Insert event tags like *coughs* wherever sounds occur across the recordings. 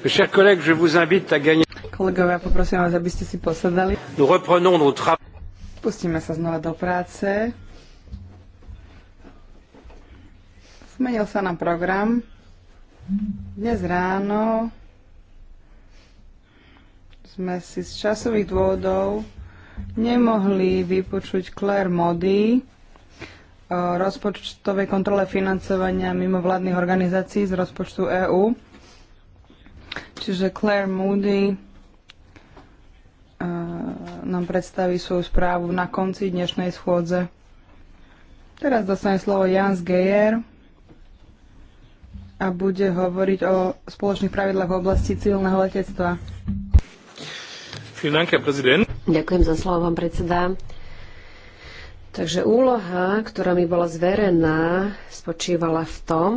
Kolegovia, poprosím vás, aby ste si posadali. Pustíme sa znova do práce. Zmenil sa nám program. Dnes ráno sme si z časových dôvodov nemohli vypočuť Claire Mody, o rozpočtovej kontrole financovania mimovládnych organizácií z rozpočtu EÚ. Čiže Claire Moody eh, nám predstaví svoju správu na konci dnešnej schôdze. Teraz dostane slovo Jans Geyer a bude hovoriť o spoločných pravidlách v oblasti civilného letectva. Ďakujem za slovo, pán predseda. Takže úloha, ktorá mi bola zverená, spočívala v tom,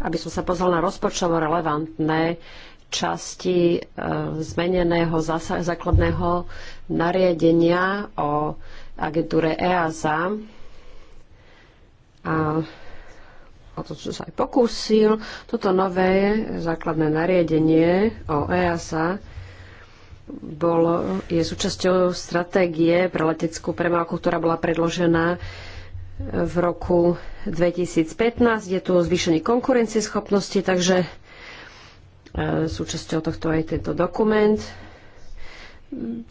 aby som sa pozrel na rozpočtovo relevantné časti e, zmeneného základného nariadenia o agentúre EASA. A o to som sa aj pokúsil. Toto nové základné nariadenie o EASA bolo, je súčasťou stratégie pre leteckú premávku, ktorá bola predložená v roku 2015. Je tu zvýšenie konkurencieschopnosti, takže E, súčasťou tohto aj tento dokument.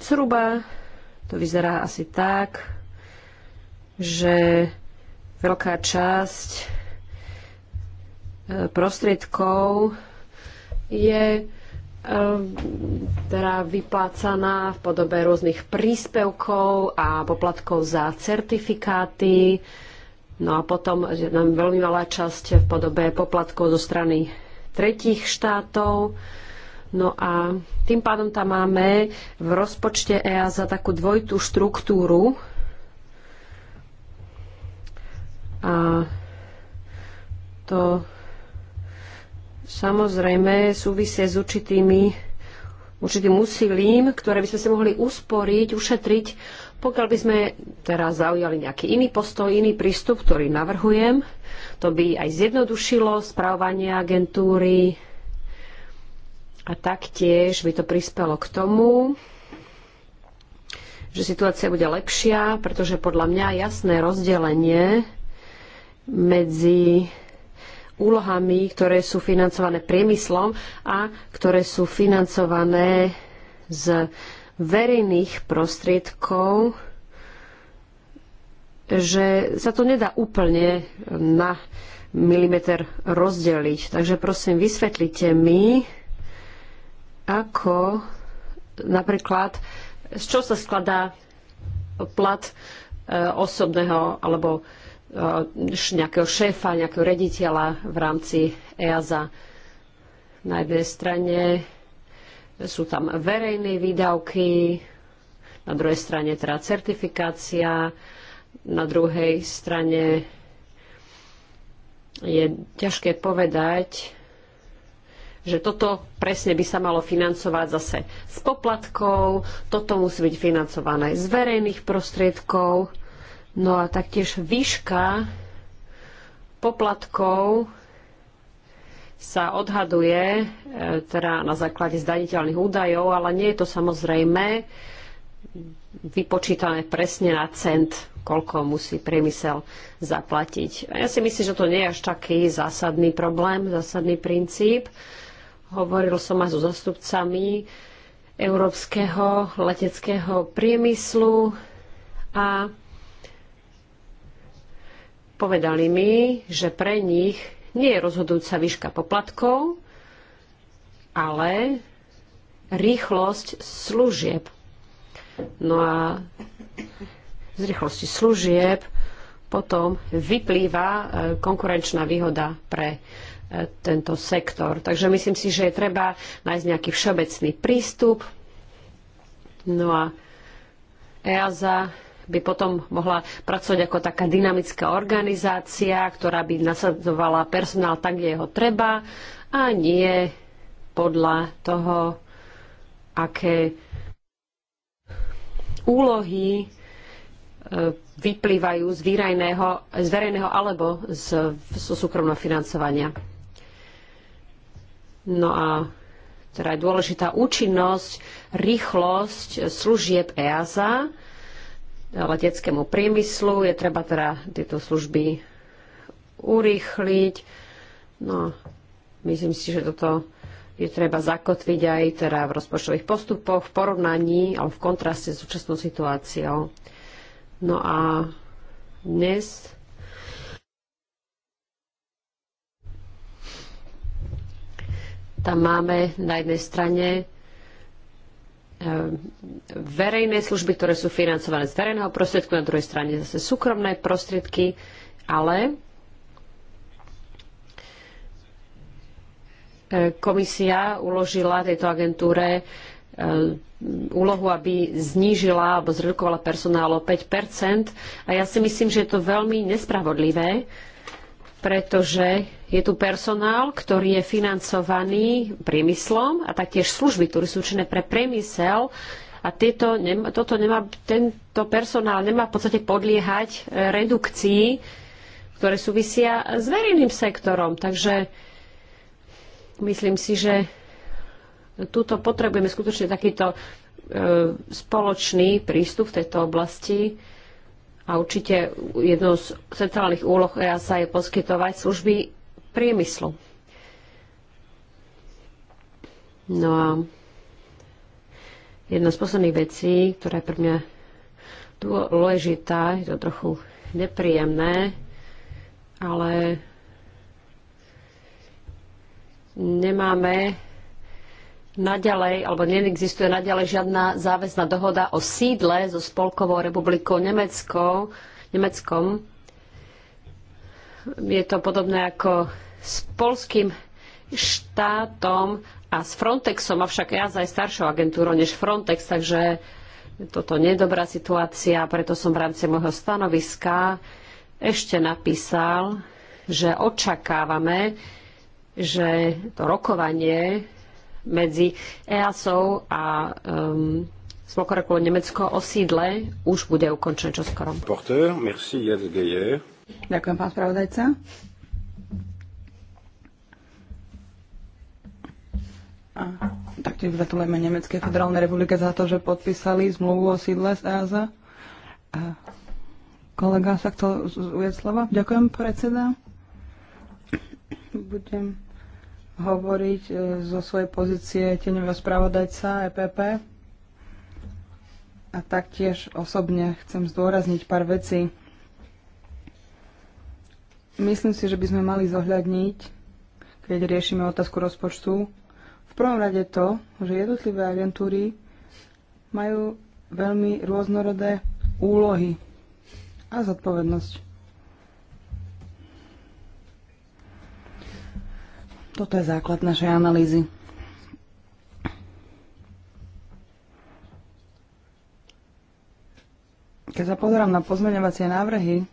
Zhruba to vyzerá asi tak, že veľká časť e, prostriedkov je e, teda vyplácaná v podobe rôznych príspevkov a poplatkov za certifikáty. No a potom nám veľmi malá časť v podobe poplatkov zo strany tretích štátov. No a tým pádom tam máme v rozpočte EASA takú dvojitú štruktúru. A to samozrejme súvisie s určitými, určitým úsilím, ktoré by sme si mohli usporiť, ušetriť pokiaľ by sme teraz zaujali nejaký iný postoj, iný prístup, ktorý navrhujem, to by aj zjednodušilo správanie agentúry a taktiež by to prispelo k tomu, že situácia bude lepšia, pretože podľa mňa jasné rozdelenie medzi úlohami, ktoré sú financované priemyslom a ktoré sú financované z verejných prostriedkov, že sa to nedá úplne na milimeter rozdeliť. Takže prosím, vysvetlite mi, ako napríklad, z čo sa skladá plat e, osobného alebo e, nejakého šéfa, nejakého rediteľa v rámci EASA. Na jednej strane sú tam verejné výdavky, na druhej strane teda certifikácia, na druhej strane je ťažké povedať, že toto presne by sa malo financovať zase s poplatkov, toto musí byť financované z verejných prostriedkov, no a taktiež výška poplatkov sa odhaduje e, teda na základe zdaniteľných údajov, ale nie je to samozrejme vypočítané presne na cent, koľko musí priemysel zaplatiť. ja si myslím, že to nie je až taký zásadný problém, zásadný princíp. Hovoril som aj so zastupcami európskeho leteckého priemyslu a povedali mi, že pre nich nie je rozhodujúca výška poplatkov, ale rýchlosť služieb. No a z rýchlosti služieb potom vyplýva e, konkurenčná výhoda pre e, tento sektor. Takže myslím si, že je treba nájsť nejaký všeobecný prístup. No a EASA by potom mohla pracovať ako taká dynamická organizácia, ktorá by nasadzovala personál tak, kde ho treba a nie podľa toho, aké úlohy e, vyplývajú z, výrajného, z verejného alebo z, z súkromného financovania. No a teda je dôležitá účinnosť, rýchlosť služieb EASA leteckému priemyslu. Je treba teda tieto služby urýchliť. No, myslím si, že toto je treba zakotviť aj teda v rozpočtových postupoch, v porovnaní alebo v kontraste s súčasnou situáciou. No a dnes tam máme na jednej strane Ehm, verejné služby, ktoré sú financované z verejného prostriedku, na druhej strane zase súkromné prostriedky, ale e, komisia uložila tejto agentúre e, úlohu, aby znížila alebo zredukovala personál o 5 a ja si myslím, že je to veľmi nespravodlivé, pretože je tu personál, ktorý je financovaný priemyslom a taktiež služby, ktoré sú určené pre priemysel a tieto, toto nemá, tento personál nemá v podstate podliehať e, redukcii, ktoré súvisia s verejným sektorom. Takže myslím si, že túto potrebujeme skutočne takýto e, spoločný prístup v tejto oblasti a určite jednou z centrálnych úloh EASA je poskytovať služby priemyslu. No a jedna z posledných vecí, ktorá je pre mňa dôležitá, je to trochu nepríjemné, ale nemáme naďalej, alebo neexistuje naďalej žiadna záväzná dohoda o sídle so Spolkovou republikou Nemecko, Nemeckom. Je to podobné ako s polským štátom a s Frontexom, avšak ja aj staršou agentúrou než Frontex, takže toto nie je dobrá situácia, preto som v rámci môjho stanoviska ešte napísal, že očakávame, že to rokovanie medzi EASO a um, Spolkorekulu Nemecko o sídle už bude ukončené čoskoro. Porteur, merci, Ďakujem, pán spravodajca. A taktiež gratulujeme Nemeckej federálnej republike za to, že podpísali zmluvu o sídle z EASA. A kolega sa chcel ujať slova. Ďakujem, predseda. Budem hovoriť e, zo svojej pozície teňového spravodajca EPP. A taktiež osobne chcem zdôrazniť pár vecí. Myslím si, že by sme mali zohľadniť, keď riešime otázku rozpočtu, v prvom rade to, že jednotlivé agentúry majú veľmi rôznorodé úlohy a zodpovednosť. Toto je základ našej analýzy. Keď sa pozerám na pozmeňovacie návrhy,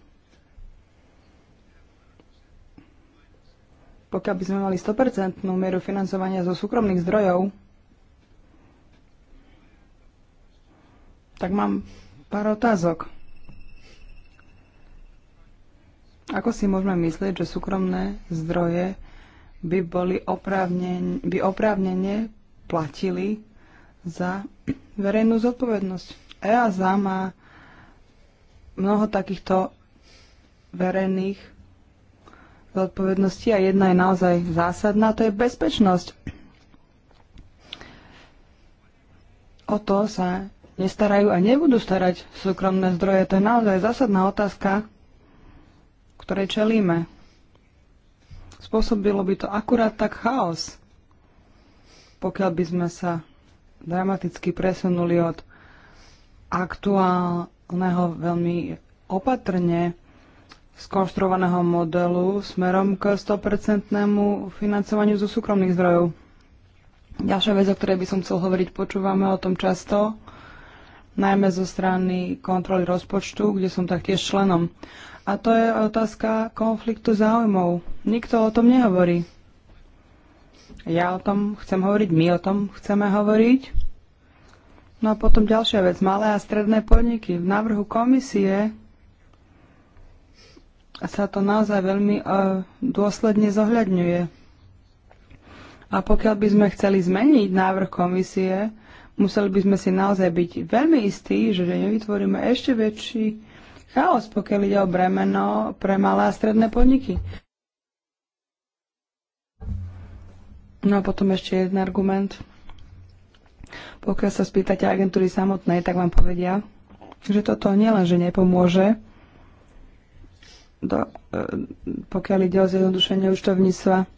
pokiaľ by sme mali 100% mieru financovania zo súkromných zdrojov, tak mám pár otázok. Ako si môžeme myslieť, že súkromné zdroje by, boli oprávnen, by oprávnene platili za verejnú zodpovednosť. EASA má mnoho takýchto verejných zodpovedností a jedna je naozaj zásadná, to je bezpečnosť. O to sa nestarajú a nebudú starať súkromné zdroje. To je naozaj zásadná otázka, ktorej čelíme spôsobilo by to akurát tak chaos, pokiaľ by sme sa dramaticky presunuli od aktuálneho veľmi opatrne skonštruovaného modelu smerom k 100% financovaniu zo súkromných zdrojov. Ďalšia vec, o ktorej by som chcel hovoriť, počúvame o tom často, najmä zo strany kontroly rozpočtu, kde som taktiež členom. A to je otázka konfliktu záujmov. Nikto o tom nehovorí. Ja o tom chcem hovoriť, my o tom chceme hovoriť. No a potom ďalšia vec, malé a stredné podniky. V návrhu komisie sa to naozaj veľmi uh, dôsledne zohľadňuje. A pokiaľ by sme chceli zmeniť návrh komisie, museli by sme si naozaj byť veľmi istí, že nevytvoríme ešte väčší chaos, pokiaľ ide o bremeno pre malé a stredné podniky. No a potom ešte jeden argument. Pokiaľ sa spýtate agentúry samotnej, tak vám povedia, že toto nielen, že nepomôže, do, e, pokiaľ ide o zjednodušenie účtovníctva.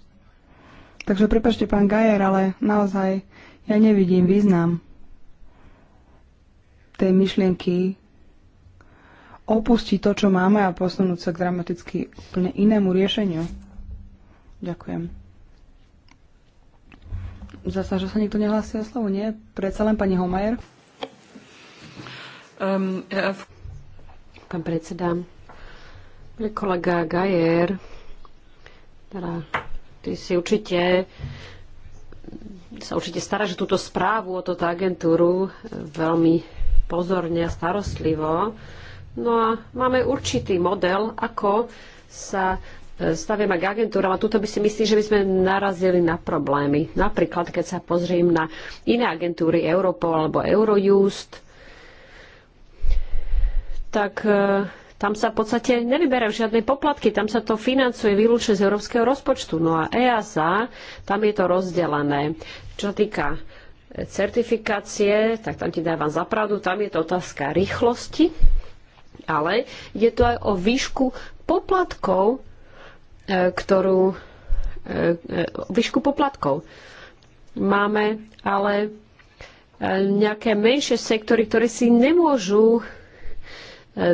Takže prepašte, pán Gajer, ale naozaj ja nevidím význam tej myšlienky opustiť to, čo máme a posunúť sa k dramaticky úplne inému riešeniu. Ďakujem. Zasa, že sa nikto nehlási o slovo, nie? Predsa len pani Homajer. Um, ja... Pán predseda, kolega Gajer, teda ty si určite sa určite staráš túto správu o túto agentúru veľmi pozorne a starostlivo. No a máme určitý model, ako sa e, stavieme k agentúram a tuto by si myslím, že by sme narazili na problémy. Napríklad, keď sa pozriem na iné agentúry, Europol alebo Eurojust, tak e, tam sa v podstate nevyberajú žiadne poplatky, tam sa to financuje výlučne z európskeho rozpočtu. No a EASA, tam je to rozdelené. Čo týka e, certifikácie, tak tam ti dávam zapravdu, tam je to otázka rýchlosti, ale je to aj o výšku poplatkov, e, ktorú e, e, výšku poplatkov. Máme ale nejaké menšie sektory, ktoré si nemôžu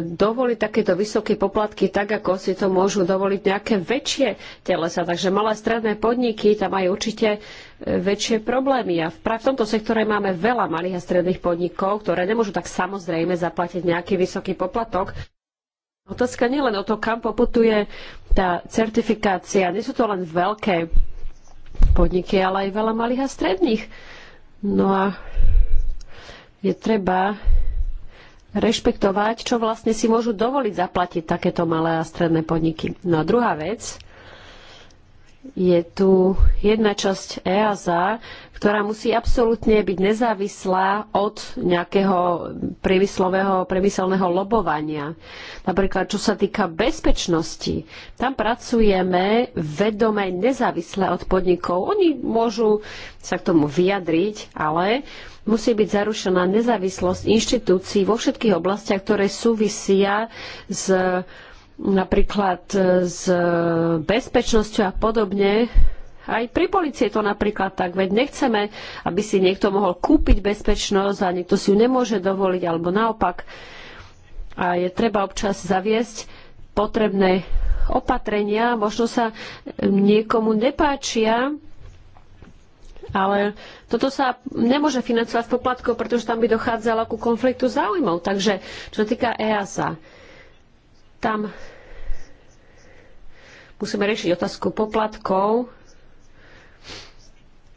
dovoliť takéto vysoké poplatky tak, ako si to môžu dovoliť nejaké väčšie telesa. Takže malé stredné podniky tam majú určite e, väčšie problémy. A v, v tomto sektore máme veľa malých a stredných podnikov, ktoré nemôžu tak samozrejme zaplatiť nejaký vysoký poplatok. Otázka nie len o to, kam poputuje tá certifikácia. Nie sú to len veľké podniky, ale aj veľa malých a stredných. No a je treba rešpektovať, čo vlastne si môžu dovoliť zaplatiť takéto malé a stredné podniky. No a druhá vec, je tu jedna časť EASA, ktorá musí absolútne byť nezávislá od nejakého priemyslového, priemyselného lobovania. Napríklad, čo sa týka bezpečnosti, tam pracujeme vedome nezávisle od podnikov. Oni môžu sa k tomu vyjadriť, ale musí byť zarušená nezávislosť inštitúcií vo všetkých oblastiach, ktoré súvisia s napríklad e, s e, bezpečnosťou a podobne. Aj pri policii je to napríklad tak, veď nechceme, aby si niekto mohol kúpiť bezpečnosť a niekto si ju nemôže dovoliť, alebo naopak. A je treba občas zaviesť potrebné opatrenia. Možno sa niekomu nepáčia, ale toto sa nemôže financovať s poplatkou, pretože tam by dochádzalo ku konfliktu záujmov. Takže čo týka EASA, tam musíme riešiť otázku poplatkov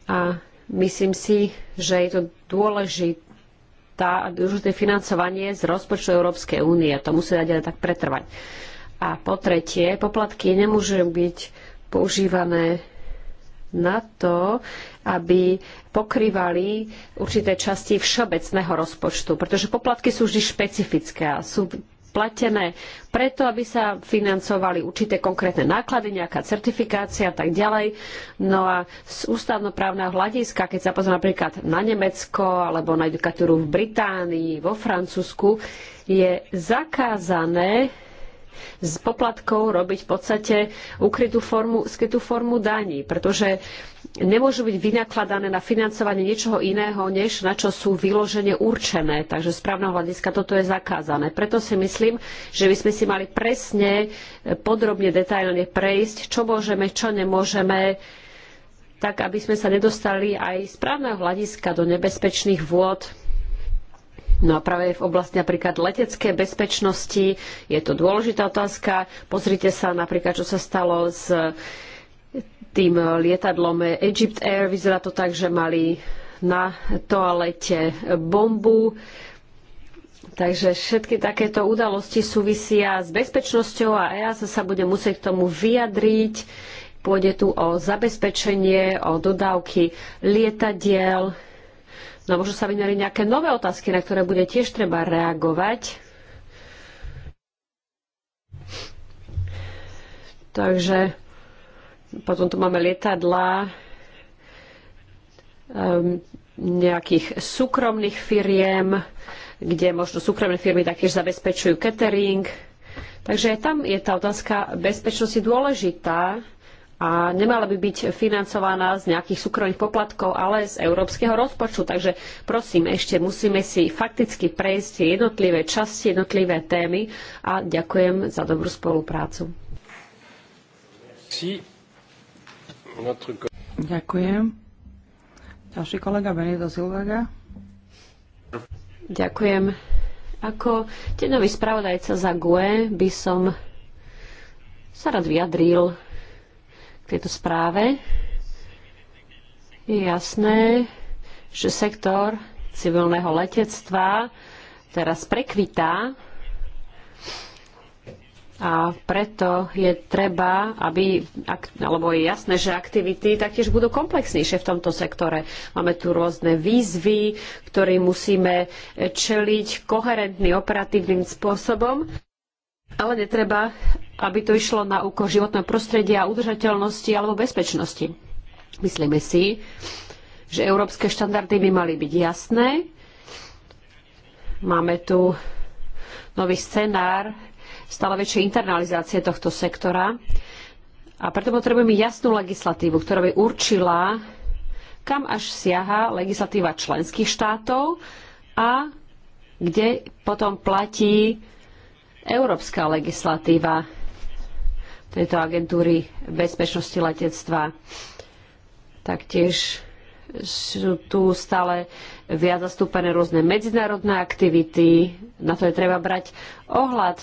a myslím si, že je to dôležitá, dôležité financovanie z rozpočtu Európskej únie. To musí dať tak pretrvať. A po tretie, poplatky nemôžu byť používané na to, aby pokrývali určité časti všeobecného rozpočtu, pretože poplatky sú vždy špecifické a sú platené preto, aby sa financovali určité konkrétne náklady, nejaká certifikácia a tak ďalej. No a z ústavnoprávneho hľadiska, keď sa pozrieme napríklad na Nemecko alebo na judikatúru v Británii, vo Francúzsku, je zakázané z poplatkov robiť v podstate ukrytú formu, skrytú formu daní, pretože nemôžu byť vynakladané na financovanie niečoho iného, než na čo sú vyložene určené. Takže z právneho hľadiska toto je zakázané. Preto si myslím, že by sme si mali presne, e, podrobne, detailne prejsť, čo môžeme, čo nemôžeme, tak aby sme sa nedostali aj z právneho hľadiska do nebezpečných vôd No a práve v oblasti napríklad letecké bezpečnosti je to dôležitá otázka. Pozrite sa napríklad, čo sa stalo s tým lietadlom Egypt Air. Vyzerá to tak, že mali na toalete bombu. Takže všetky takéto udalosti súvisia s bezpečnosťou a EAS sa bude musieť k tomu vyjadriť. Pôjde tu o zabezpečenie, o dodávky lietadiel, No možno sa vynoriť nejaké nové otázky, na ktoré bude tiež treba reagovať. Takže potom tu máme lietadla um, nejakých súkromných firiem, kde možno súkromné firmy taktiež zabezpečujú catering. Takže tam je tá otázka bezpečnosti dôležitá a nemala by byť financovaná z nejakých súkromných poplatkov, ale z európskeho rozpočtu. Takže prosím, ešte musíme si fakticky prejsť jednotlivé časti, jednotlivé témy a ďakujem za dobrú spoluprácu. Ďakujem. Ďalší kolega Benito Silvaga. Ďakujem. Ako tenový spravodajca za GUE by som sa rád vyjadril tejto správe. Je jasné, že sektor civilného letectva teraz prekvitá a preto je treba, aby, alebo je jasné, že aktivity taktiež budú komplexnejšie v tomto sektore. Máme tu rôzne výzvy, ktorým musíme čeliť koherentným operatívnym spôsobom, ale netreba aby to išlo na úkor životného prostredia, udržateľnosti alebo bezpečnosti. Myslíme si, že európske štandardy by mali byť jasné. Máme tu nový scenár stále väčšej internalizácie tohto sektora. A preto potrebujeme jasnú legislatívu, ktorá by určila, kam až siaha legislatíva členských štátov a kde potom platí európska legislatíva tejto agentúry bezpečnosti letectva. Taktiež sú tu stále viac zastúpené rôzne medzinárodné aktivity, na to je treba brať ohľad.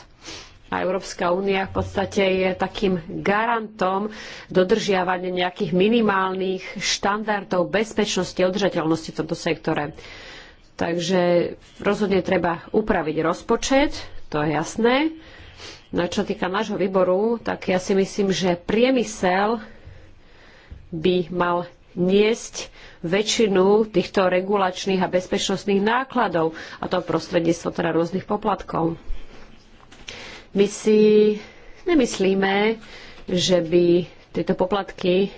A Európska únia v podstate je takým garantom dodržiavania nejakých minimálnych štandardov bezpečnosti a udržateľnosti v tomto sektore. Takže rozhodne treba upraviť rozpočet, to je jasné. No čo týka nášho výboru, tak ja si myslím, že priemysel by mal niesť väčšinu týchto regulačných a bezpečnostných nákladov, a to prostredníctvom teda rôznych poplatkov. My si nemyslíme, že by tieto poplatky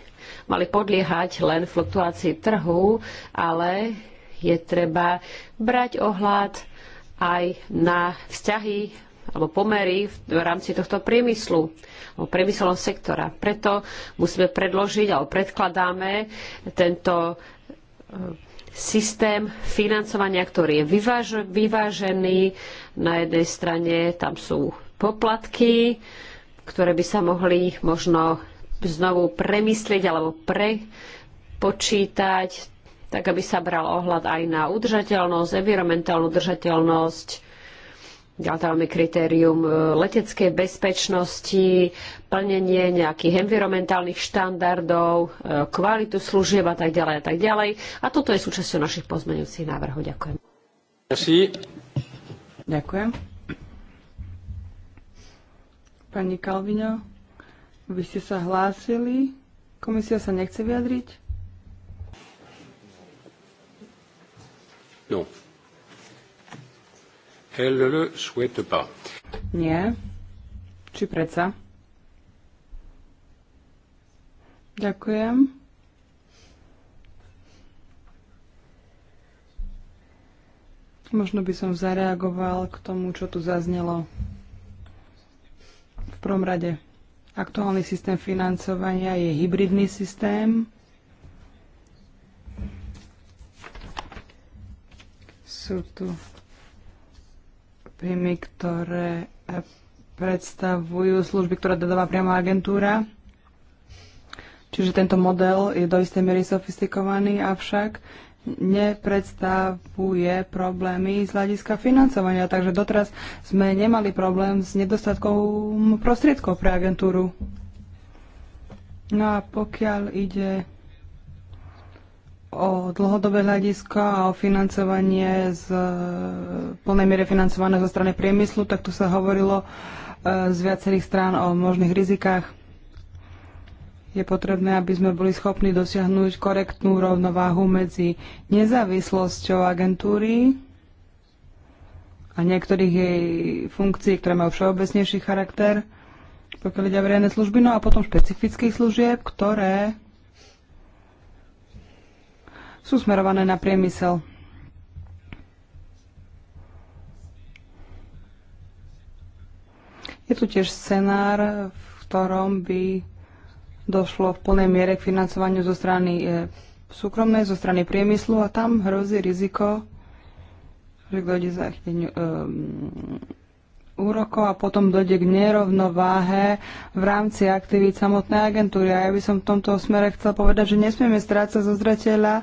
mali podliehať len fluktuácii trhu, ale je treba brať ohľad aj na vzťahy alebo pomery v rámci tohto priemyslu, alebo priemyselného sektora. Preto musíme predložiť alebo predkladáme tento e, systém financovania, ktorý je vyváž- vyvážený. Na jednej strane tam sú poplatky, ktoré by sa mohli možno znovu premyslieť alebo prepočítať, tak aby sa bral ohľad aj na udržateľnosť, environmentálnu udržateľnosť, tam kritérium e, leteckej bezpečnosti, plnenie nejakých environmentálnych štandardov, e, kvalitu služieb a tak ďalej a tak ďalej. A toto je súčasťou našich pozmeňujúcich návrhov. Ďakujem. Merci. Ďakujem. Pani Kalvino, vy ste sa hlásili. Komisia sa nechce vyjadriť? No. Elle le souhaite pas. Nie. Či predsa? Ďakujem. Možno by som zareagoval k tomu, čo tu zaznelo. V prvom rade, aktuálny systém financovania je hybridný systém. Sú tu službami, ktoré eh, predstavujú služby, ktoré dodáva priama agentúra. Čiže tento model je do istej miery sofistikovaný, avšak nepredstavuje problémy z hľadiska financovania. Takže doteraz sme nemali problém s nedostatkom prostriedkov pre agentúru. No a pokiaľ ide o dlhodobé hľadisko a o financovanie z e, plnej miere financované zo strany priemyslu, tak tu sa hovorilo e, z viacerých strán o možných rizikách. Je potrebné, aby sme boli schopní dosiahnuť korektnú rovnováhu medzi nezávislosťou agentúry a niektorých jej funkcií, ktoré majú všeobecnejší charakter, pokiaľ ide o verejné služby, no a potom špecifických služieb, ktoré sú smerované na priemysel. Je tu tiež scenár, v ktorom by došlo v plnej miere k financovaniu zo strany e, súkromnej, zo strany priemyslu a tam hrozí riziko, že dojde zachyteniu um, úrokov a potom dojde k nerovnováhe v rámci aktivít samotnej agentúry. A ja by som v tomto smere chcel povedať, že nesmieme strácať zo zreteľa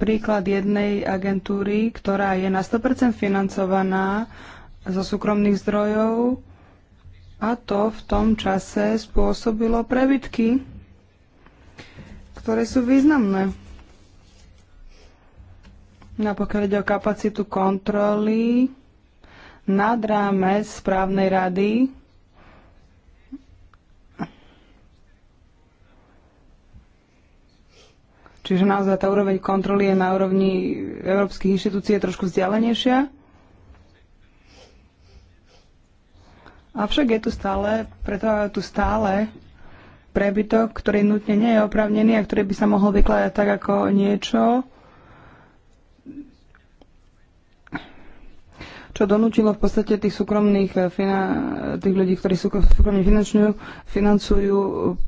príklad jednej agentúry, ktorá je na 100% financovaná zo súkromných zdrojov a to v tom čase spôsobilo prebytky, ktoré sú významné. Napokiaľ ide o kapacitu kontroly, nad rámec správnej rady Čiže naozaj tá úroveň kontroly je na úrovni európskych inštitúcií je trošku vzdialenejšia. Avšak je tu stále, preto je tu stále prebytok, ktorý nutne nie je opravnený a ktorý by sa mohol vykladať tak ako niečo, čo donútilo v podstate tých súkromných, eh, tých ľudí, ktorí súkromne financujú, financujú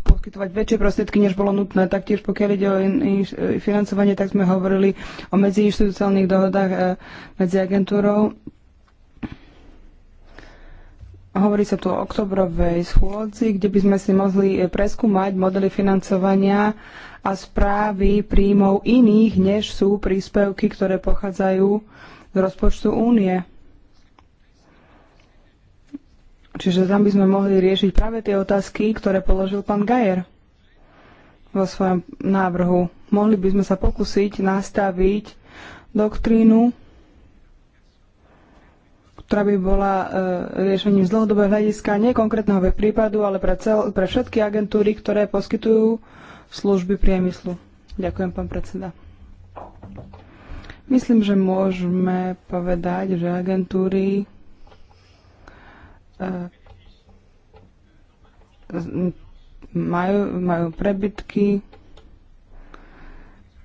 poskytovať väčšie prostriedky, než bolo nutné. Taktiež pokiaľ ide o eh, financovanie, tak sme hovorili o medziinstitucionálnych dohodách eh, medzi agentúrou. Hovorí sa tu o oktobrovej schôdzi, kde by sme si mohli preskúmať modely financovania a správy príjmov iných, než sú príspevky, ktoré pochádzajú z rozpočtu únie. Čiže tam by sme mohli riešiť práve tie otázky, ktoré položil pán Gajer vo svojom návrhu. Mohli by sme sa pokúsiť nastaviť doktrínu, ktorá by bola e, riešením z dlhodobého hľadiska nie konkrétneho prípadu, ale pre, cel, pre všetky agentúry, ktoré poskytujú služby priemyslu. Ďakujem, pán predseda. Myslím, že môžeme povedať, že agentúry E, majú, majú prebytky,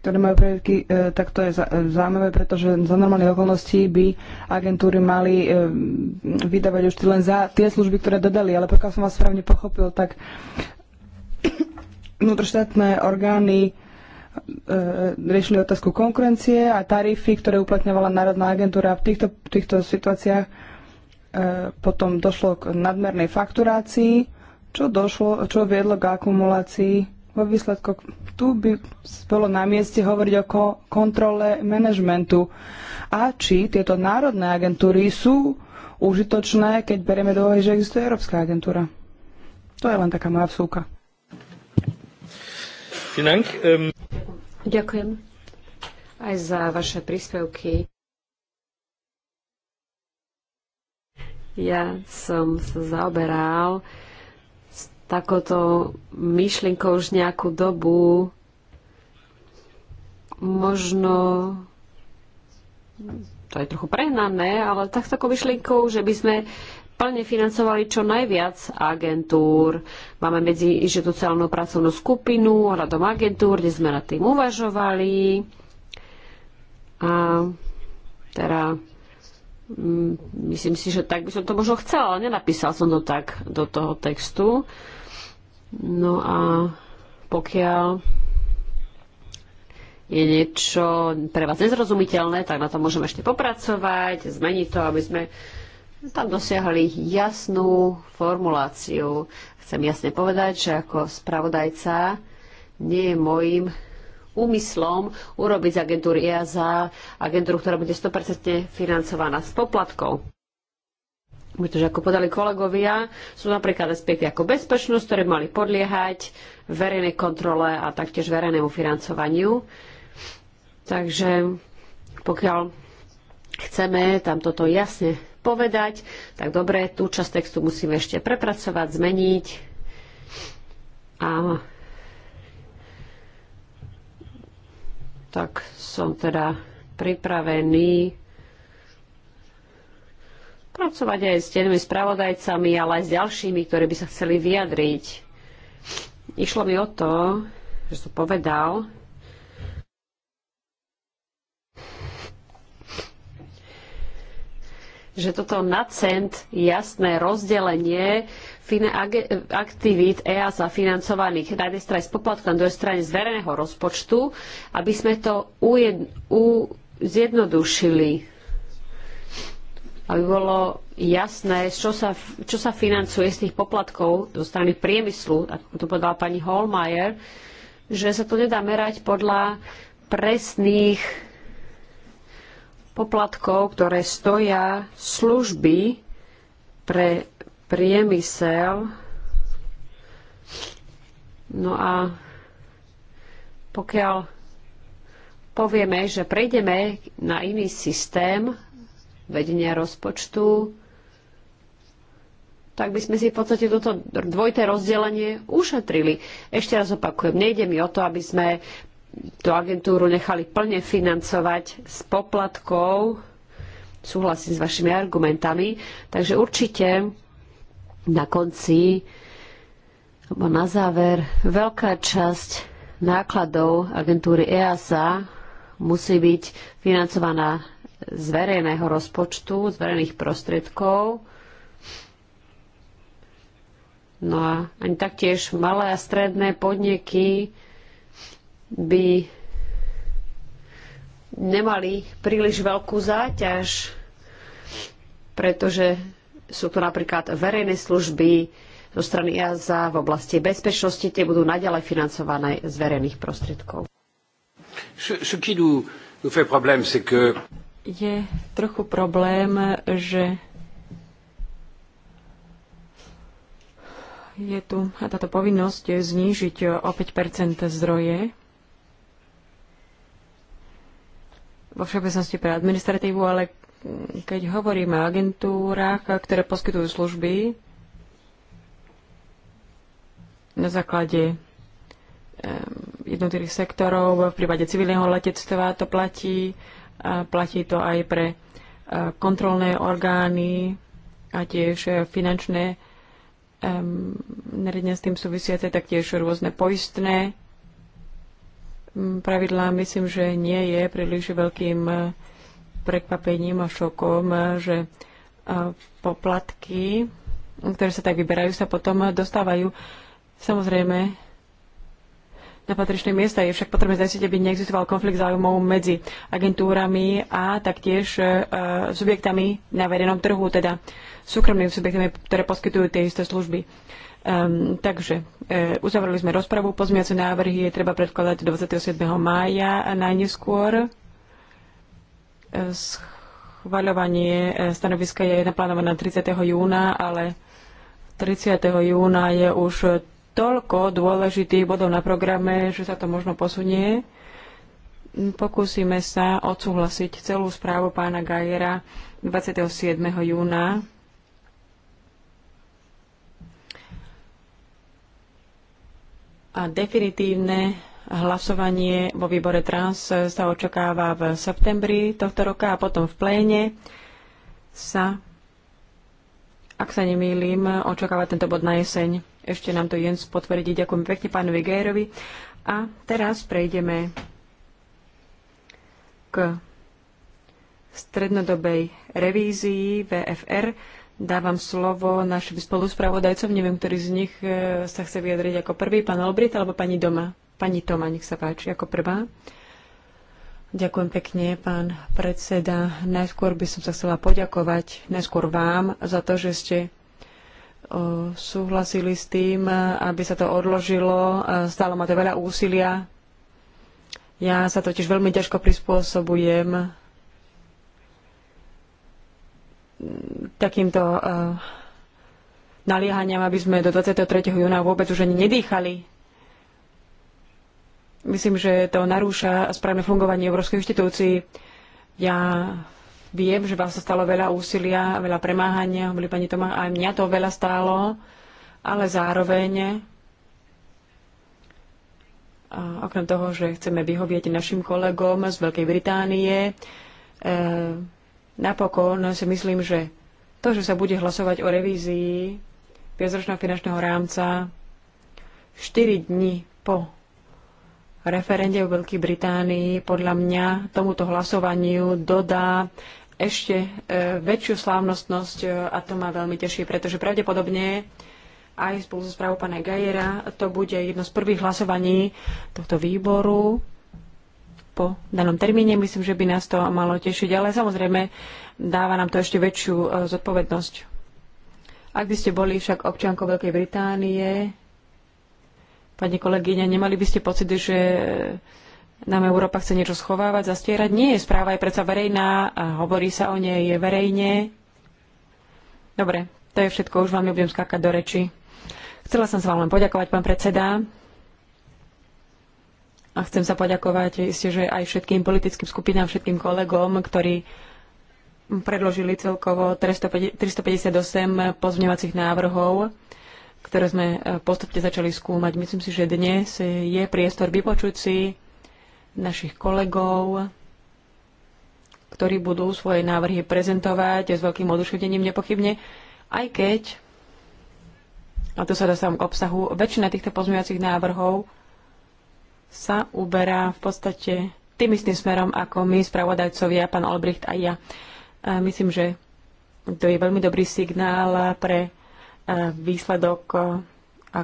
ktoré majú prebytky, e, tak to je zaujímavé, pretože za normálnych okolností by agentúry mali e, vydávať už len za tie služby, ktoré dodali. Ale pokiaľ som vás správne pochopil, tak *coughs* vnútroštátne orgány riešili otázku konkurencie a tarify, ktoré uplatňovala Národná agentúra v týchto, týchto situáciách E, potom došlo k nadmernej fakturácii, čo, došlo, čo viedlo k akumulácii vo výsledku. Tu by bolo na mieste hovoriť o ko- kontrole manažmentu a či tieto národné agentúry sú užitočné, keď berieme do že existuje Európska agentúra. To je len taká moja vsúka. Ähm, Ďakujem aj za vaše príspevky. Ja som sa zaoberal s takouto myšlienkou už nejakú dobu. Možno to je trochu prehnané, ale tak s takou myšlienkou, že by sme plne financovali čo najviac agentúr. Máme medzi inštitúciálnu pracovnú skupinu hľadom agentúr, kde sme nad tým uvažovali. A teda Mm, myslím si, že tak by som to možno chcela, ale nenapísal som to tak do toho textu. No a pokiaľ je niečo pre vás nezrozumiteľné, tak na to môžeme ešte popracovať, zmeniť to, aby sme tam dosiahli jasnú formuláciu. Chcem jasne povedať, že ako spravodajca nie je môjim úmyslom urobiť z agentúry EASA agentúru, ktorá bude 100% financovaná s poplatkou. Pretože ako podali kolegovia, sú napríklad aspekty ako bezpečnosť, ktoré mali podliehať verejnej kontrole a taktiež verejnému financovaniu. Takže pokiaľ chceme tam toto jasne povedať, tak dobre, tú časť textu musíme ešte prepracovať, zmeniť a tak som teda pripravený pracovať aj s tenými spravodajcami, ale aj s ďalšími, ktorí by sa chceli vyjadriť. Išlo mi o to, že som povedal, že toto nacent jasné rozdelenie aktivít EASA financovaných na jednej strane z poplatku, na druhej strane z verejného rozpočtu, aby sme to ujed, u, zjednodušili, aby bolo jasné, čo sa, čo sa financuje z tých poplatkov zo strany priemyslu, ako to povedala pani Holmajer, že sa to nedá merať podľa presných poplatkov, ktoré stoja služby pre priemysel. No a pokiaľ povieme, že prejdeme na iný systém vedenia rozpočtu, tak by sme si v podstate toto dvojité rozdelenie ušetrili. Ešte raz opakujem, nejde mi o to, aby sme tú agentúru nechali plne financovať s poplatkov. Súhlasím s vašimi argumentami. Takže určite na konci alebo na záver, veľká časť nákladov agentúry EASA musí byť financovaná z verejného rozpočtu, z verejných prostriedkov. No a ani taktiež malé a stredné podniky by nemali príliš veľkú záťaž, pretože sú tu napríklad verejné služby zo strany EASA v oblasti bezpečnosti, tie budú naďalej financované z verejných prostriedkov. Je trochu problém, že je tu táto povinnosť znížiť o 5 zdroje vo všeobecnosti pre administratívu, ale keď hovoríme o agentúrach, ktoré poskytujú služby na základe jednotlivých sektorov, v prípade civilného letectva to platí, a platí to aj pre e, kontrolné orgány a tiež finančné neredne s tým súvisiace, taktiež rôzne poistné pravidlá. Myslím, že nie je príliš veľkým prekvapením a šokom, že e, poplatky, ktoré sa tak vyberajú, sa potom dostávajú samozrejme na patričné miesta. Je však potrebné zaistiť, aby neexistoval konflikt záujmov medzi agentúrami a taktiež e, subjektami na verejnom trhu, teda súkromnými subjektami, ktoré poskytujú tie isté služby. Um, takže e, uzavreli sme rozpravu, pozmiace návrhy je treba predkladať 27. mája a najneskôr Schvaľovanie e, stanoviska je naplánované 30. júna, ale 30. júna je už toľko dôležitých bodov na programe, že sa to možno posunie. Pokúsime sa odsúhlasiť celú správu pána Gajera 27. júna. A definitívne Hlasovanie vo výbore trans sa očakáva v septembri tohto roka a potom v pléne sa, ak sa nemýlim, očakáva tento bod na jeseň. Ešte nám to Jens potvrdí. Ďakujem pekne pánovi Gérovi. A teraz prejdeme k strednodobej revízii VFR. Dávam slovo našim spoluspravodajcom. Neviem, ktorý z nich eh, sa chce vyjadriť ako prvý, pán Albrit alebo pani Doma. Pani Toma, nech sa páči ako prvá. Ďakujem pekne, pán predseda. Najskôr by som sa chcela poďakovať, najskôr vám, za to, že ste súhlasili s tým, aby sa to odložilo. Stálo ma to veľa úsilia. Ja sa totiž veľmi ťažko prispôsobujem takýmto e, naliehaniam, aby sme do 23. júna vôbec už ani nedýchali Myslím, že to narúša správne fungovanie Európskej inštitúcií. Ja viem, že vás sa stalo veľa úsilia, veľa premáhania, hovorí pani Tomá, aj mňa to veľa stálo, ale zároveň a okrem toho, že chceme vyhovieť našim kolegom z Veľkej Británie, e, napokon si myslím, že to, že sa bude hlasovať o revízii viacročného finančného rámca 4 dní po referende v Veľkej Británii podľa mňa tomuto hlasovaniu dodá ešte e, väčšiu slávnostnosť e, a to ma veľmi teší, pretože pravdepodobne aj spolu so správou pána Gajera to bude jedno z prvých hlasovaní tohto výboru po danom termíne. Myslím, že by nás to malo tešiť, ale samozrejme dáva nám to ešte väčšiu e, zodpovednosť. Ak by ste boli však občankou Veľkej Británie, Pani kolegyňa, nemali by ste pocit, že nám Európa chce niečo schovávať, zastierať? Nie, správa je predsa verejná a hovorí sa o nej je verejne. Dobre, to je všetko, už vám nebudem skákať do reči. Chcela som sa vám len poďakovať, pán predseda. A chcem sa poďakovať isté, že aj všetkým politickým skupinám, všetkým kolegom, ktorí predložili celkovo 358 pozmeňovacích návrhov ktoré sme e, postupne začali skúmať. Myslím si, že dnes je priestor vypočuť si našich kolegov, ktorí budú svoje návrhy prezentovať s veľkým oduševnením nepochybne, aj keď, a to sa dá sám k obsahu, väčšina týchto pozmeňovacích návrhov sa uberá v podstate tým istým smerom ako my, spravodajcovia, pán Olbricht a ja. A e, myslím, že to je veľmi dobrý signál pre E, výsledok e, a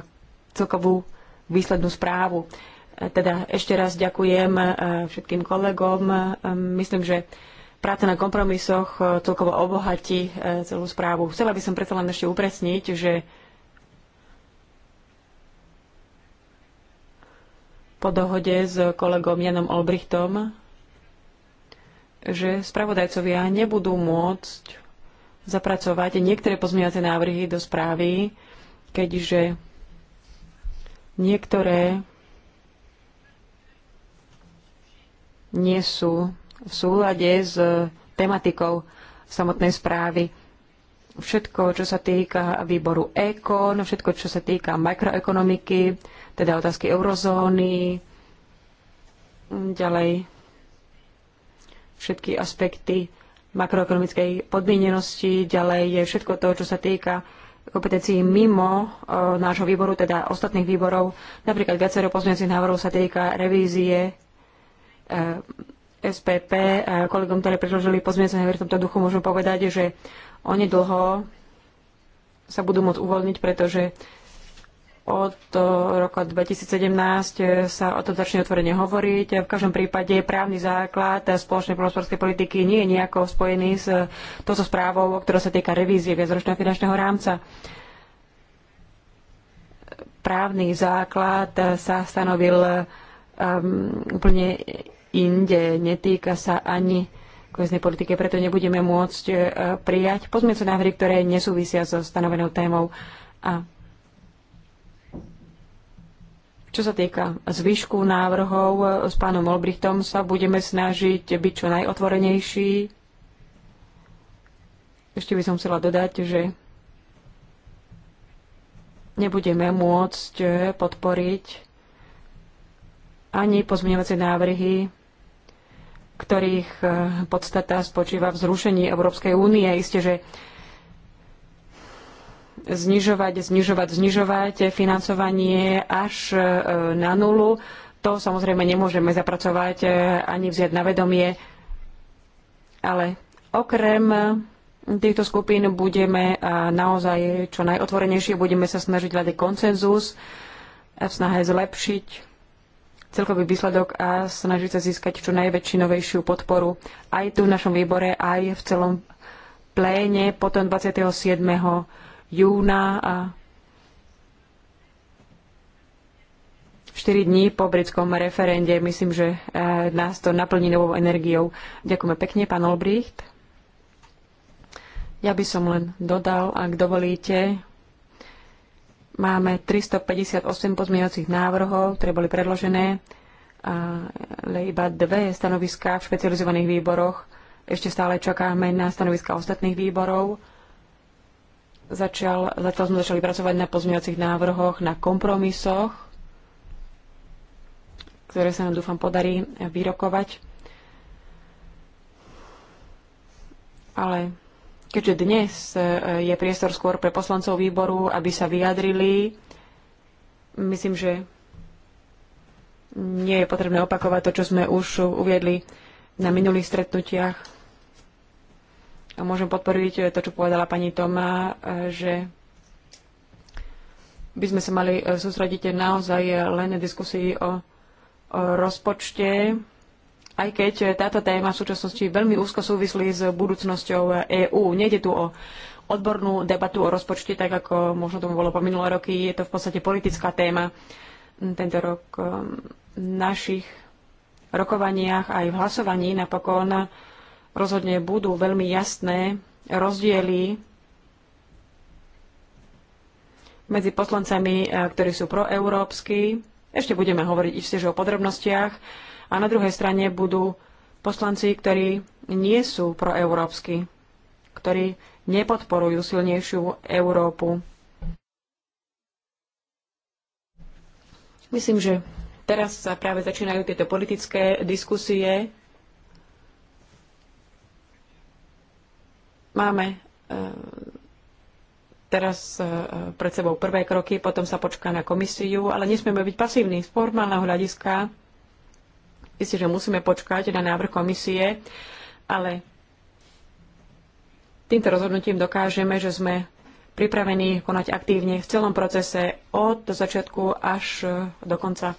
celkovú výslednú správu. E, teda ešte raz ďakujem všetkým kolegom. Myslím, že práca na kompromisoch celkovo obohatí celú správu. Chcela by som predsa len ešte upresniť, že po dohode s kolegom Janom Olbrichtom, že spravodajcovia nebudú môcť zapracovať niektoré pozmeňovacie návrhy do správy, keďže niektoré nie sú v súlade s tematikou samotnej správy všetko, čo sa týka výboru EKON, všetko, čo sa týka makroekonomiky, teda otázky eurozóny, ďalej všetky aspekty makroekonomickej podmienenosti, ďalej je všetko to, čo sa týka kompetencií mimo e, nášho výboru, teda ostatných výborov. Napríklad viacero pozmeňujúcich návrhov sa týka revízie e, SPP. E, kolegom, ktoré predložili pozmeňujúce návrhy v tomto duchu, môžem povedať, že onedlho sa budú môcť uvoľniť, pretože od e, roka 2017 e, sa o tom začne otvorene hovoriť. V každom prípade právny základ spoločnej polnospodárskej politiky nie je nejako spojený s e, touto správou, ktorá sa týka revízie viacročného finančného rámca právny základ sa stanovil um, úplne inde, netýka sa ani koheznej politike, preto nebudeme môcť uh, prijať pozmeňujúce návrhy, ktoré nesúvisia so stanovenou témou. A čo sa týka zvyšku návrhov, e, s pánom Olbrichtom sa budeme snažiť byť čo najotvorenejší. Ešte by som chcela dodať, že nebudeme môcť e, podporiť ani pozmeňovacie návrhy, ktorých e, podstata spočíva v zrušení Európskej únie. Isté, že znižovať, znižovať, znižovať financovanie až e, na nulu. To samozrejme nemôžeme zapracovať e, ani vziať na vedomie, ale okrem týchto skupín budeme naozaj čo najotvorenejšie, budeme sa snažiť hľadať koncenzus v snahe zlepšiť celkový výsledok a snažiť sa získať čo najväčšinovejšiu podporu aj tu v našom výbore, aj v celom pléne potom 27 júna a 4 dní po britskom referende. Myslím, že eh, nás to naplní novou energiou. Ďakujeme pekne, pán Olbricht. Ja by som len dodal, ak dovolíte, máme 358 pozmeňovacích návrhov, ktoré boli predložené, ale iba dve stanoviská v špecializovaných výboroch. Ešte stále čakáme na stanoviska ostatných výborov Začal, zatiaľ sme začali pracovať na pozmeňovacích návrhoch, na kompromisoch, ktoré sa nám dúfam podarí vyrokovať. Ale keďže dnes eh, je priestor skôr pre poslancov výboru, aby sa vyjadrili, myslím, že nie je potrebné opakovať to, čo sme už uviedli na minulých stretnutiach. A môžem podporiť eh, to, čo povedala pani Toma, eh, že by sme sa mali eh, sústrediť naozaj len na diskusii o, o rozpočte, aj keď táto téma v súčasnosti veľmi úzko súvislí s budúcnosťou EÚ. E Nejde tu o odbornú debatu o rozpočte, tak ako možno tomu bolo po minulé roky. Je to v podstate politická téma. Hm, tento rok v našich rokovaniach aj v hlasovaní napokon rozhodne budú veľmi jasné rozdiely medzi poslancami, eh, ktorí sú proeurópsky. Ešte budeme hovoriť isté, že o podrobnostiach. A na druhej strane budú poslanci, ktorí nie sú proeurópsky, ktorí nepodporujú silnejšiu Európu. Myslím, že teraz sa práve začínajú tieto politické diskusie Máme e, teraz e, pred sebou prvé kroky, potom sa počká na komisiu, ale nesmieme byť pasívni z formálneho hľadiska. Myslím, že musíme počkať na návrh komisie, ale týmto rozhodnutím dokážeme, že sme pripravení konať aktívne v celom procese od začiatku až e, do konca.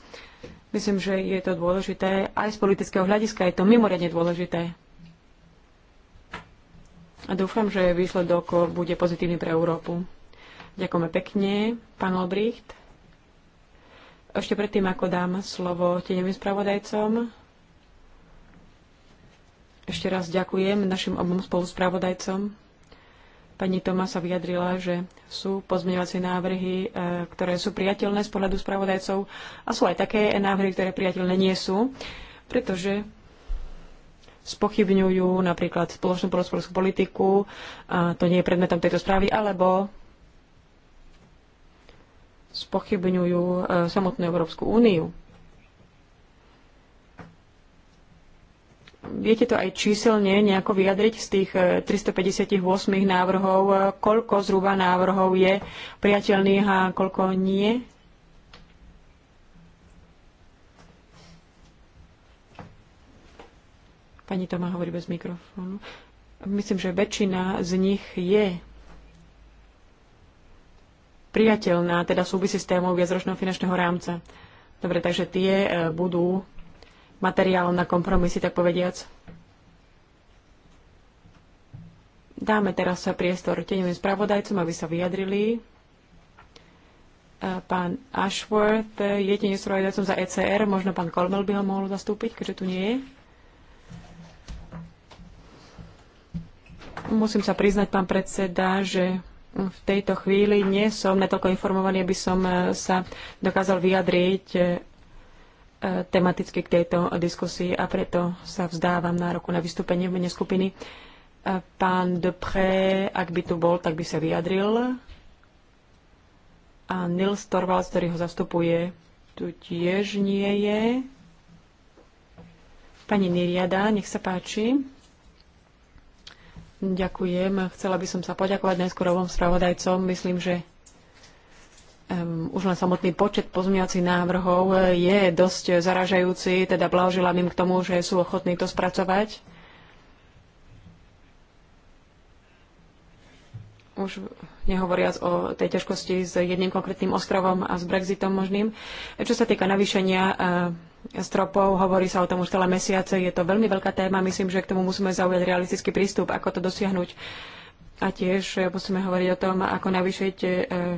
Myslím, že je to dôležité aj z politického hľadiska, je to mimoriadne dôležité. A dúfam, že výsledok bude pozitívny pre Európu. Ďakujeme pekne, pán Lobricht. Ešte predtým, ako dám slovo tieňovým spravodajcom, ešte raz ďakujem našim obom spoluspravodajcom. Pani Toma sa vyjadrila, že sú pozmeňovacie návrhy, e, ktoré sú priateľné z pohľadu spravodajcov a sú aj také návrhy, ktoré priateľné nie sú, pretože spochybňujú napríklad spoločnú polospodárskú politiku, a to nie je predmetom tejto správy, alebo spochybňujú e, samotnú Európsku úniu. Viete to aj číselne nejako vyjadriť z tých 358 e, návrhov, e, koľko zhruba návrhov je priateľných a koľko nie? Pani Toma hovorí bez mikrofónu. Myslím, že väčšina z nich je priateľná, teda súvisí s témou viacročného finančného rámca. Dobre, takže tie e, budú materiálom na kompromisy, tak povediac. Dáme teraz priestor teňovým spravodajcom, aby sa vyjadrili. E, pán Ashworth e, je teňovým spravodajcom za ECR, možno pán Kolmel by ho mohol zastúpiť, keďže tu nie je. Musím sa priznať, pán predseda, že v tejto chvíli nie som natoľko informovaný, aby som e, sa dokázal vyjadriť e, e, tematicky k tejto diskusii a preto sa vzdávam nároku na vystúpenie v mene skupiny. Pán Dupré, ak by tu bol, tak by sa vyjadril. A Nils Torvalds, ktorý ho zastupuje, tu tiež nie je. Pani Niriada, nech sa páči. Ďakujem. Chcela by som sa poďakovať najskôr ovom spravodajcom. Myslím, že um, už len samotný počet pozmiacich návrhov eh, je dosť zaražajúci, teda blážila im k tomu, že sú ochotní to spracovať. už nehovoriac o tej ťažkosti s jedným konkrétnym ostrovom a s Brexitom možným. Čo sa týka navýšenia eh, stropov, hovorí sa o tom už celé mesiace, je to veľmi veľká téma, myslím, že k tomu musíme zaujať realistický prístup, ako to dosiahnuť. A tiež eh, musíme hovoriť o tom, ako navýšiť eh,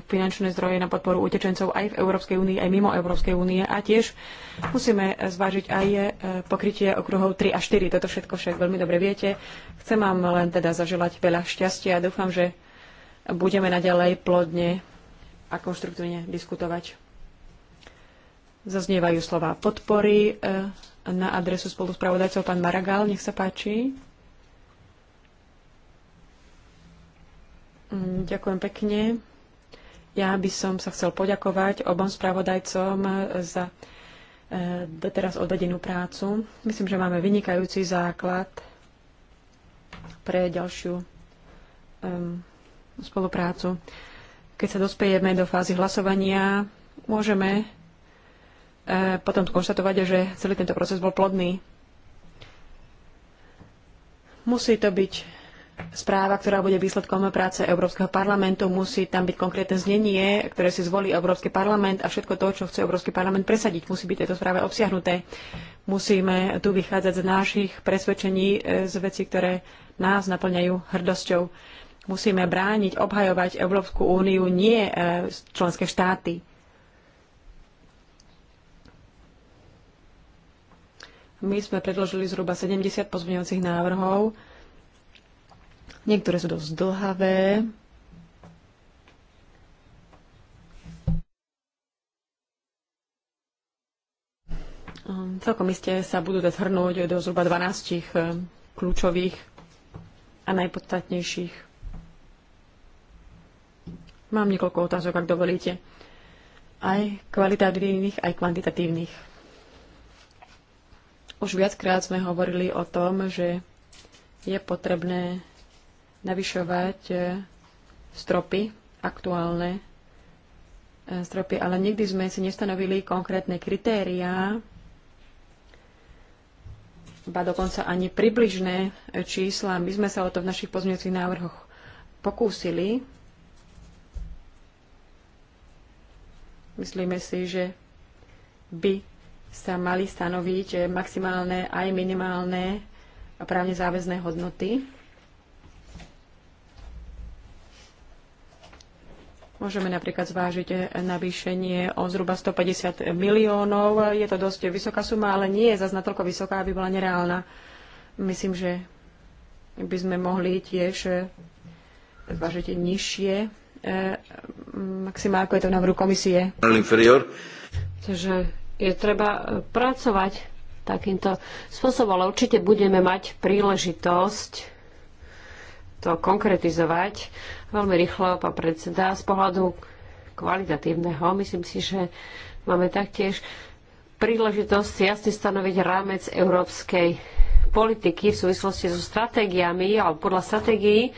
finančné zdroje na podporu utečencov aj v Európskej únii, aj mimo Európskej únie. A tiež musíme zvážiť aj pokrytie okruhov 3 a 4. Toto všetko však veľmi dobre viete. Chcem vám len teda zaželať veľa šťastia a dúfam, že budeme naďalej plodne a konštruktívne diskutovať. Zaznievajú slova podpory eh, na adresu spoluspravodajcov pán Maragal, nech sa páči. Mm, ďakujem pekne. Ja by som sa chcel poďakovať obom spravodajcom eh, za eh, doteraz odvedenú prácu. Myslím, že máme vynikajúci základ pre ďalšiu um, spoluprácu. Keď sa dospejeme do fázy hlasovania, môžeme e, potom konštatovať, že celý tento proces bol plodný. Musí to byť správa, ktorá bude výsledkom práce Európskeho parlamentu, musí tam byť konkrétne znenie, ktoré si zvolí Európsky parlament a všetko to, čo chce Európsky parlament presadiť, musí byť tejto správe obsiahnuté. Musíme tu vychádzať z našich presvedčení, e, z vecí, ktoré nás naplňajú hrdosťou. Musíme brániť, obhajovať Európsku úniu, nie e, členské štáty. My sme predložili zhruba 70 pozmeňovacích návrhov. Niektoré sú dosť dlhavé. Ehm, celkom iste sa budú dať hrnúť do zhruba 12 e, kľúčových a najpodstatnejších Mám niekoľko otázok, ak dovolíte. Aj kvalitatívnych, aj kvantitatívnych. Už viackrát sme hovorili o tom, že je potrebné navyšovať e, stropy aktuálne e, stropy, ale nikdy sme si nestanovili konkrétne kritériá, ba dokonca ani približné čísla. My sme sa o to v našich pozmeňujúcich návrhoch pokúsili, Myslíme si, že by sa mali stanoviť eh, maximálne aj minimálne a právne záväzné hodnoty. Môžeme napríklad zvážiť eh, navýšenie o zhruba 150 miliónov. Je to dosť vysoká suma, ale nie je zase natoľko vysoká, aby bola nereálna. Myslím, že by sme mohli tiež eh, zvážiť nižšie Eh, maxima, ako je to v návrhu komisie. Takže je treba eh, pracovať takýmto spôsobom, ale určite budeme mať príležitosť to konkretizovať veľmi rýchlo, pán predseda, z pohľadu kvalitatívneho. Myslím si, že máme taktiež príležitosť jasne stanoviť rámec európskej politiky v súvislosti so stratégiami alebo podľa stratégií,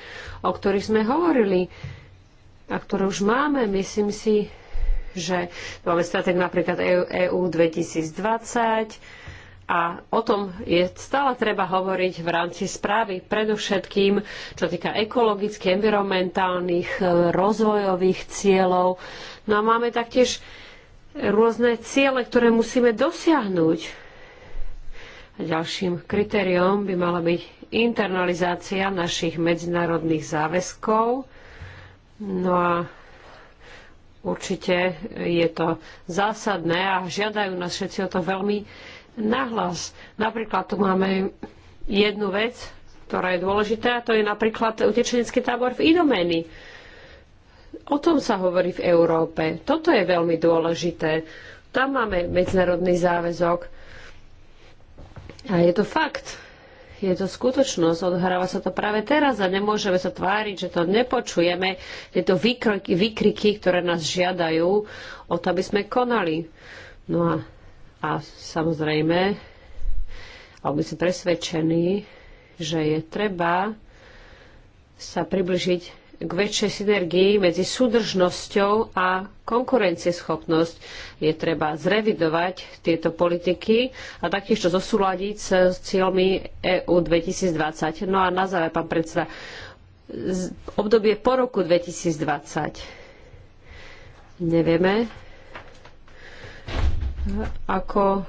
o ktorých sme hovorili a ktoré už máme. Myslím si, že máme stratégiu napríklad EU 2020 e a o tom je stále treba hovoriť v rámci správy, predovšetkým čo týka ekologických, environmentálnych, e, rozvojových cieľov. No a máme taktiež rôzne ciele, ktoré musíme dosiahnuť. A ďalším kritériom by mala byť internalizácia našich medzinárodných záväzkov No a určite je to zásadné a žiadajú nás všetci o to veľmi nahlas. Napríklad tu máme jednu vec, ktorá je dôležitá, a to je napríklad utečenecký tábor v Idomeni. O tom sa hovorí v Európe. Toto je veľmi dôležité. Tam máme medzinárodný záväzok. A je to fakt je to skutočnosť, odhráva sa to práve teraz a nemôžeme sa tváriť, že to nepočujeme, tieto výkriky, výkriky, ktoré nás žiadajú o to, aby sme konali. No a, a samozrejme, aby sme presvedčení, že je treba sa približiť k väčšej synergii medzi súdržnosťou a konkurencieschopnosť. Je treba zrevidovať tieto politiky a taktiež to zosúľadiť s cieľmi EU 2020. No a na záver, pán predseda, obdobie po roku 2020. Nevieme, ako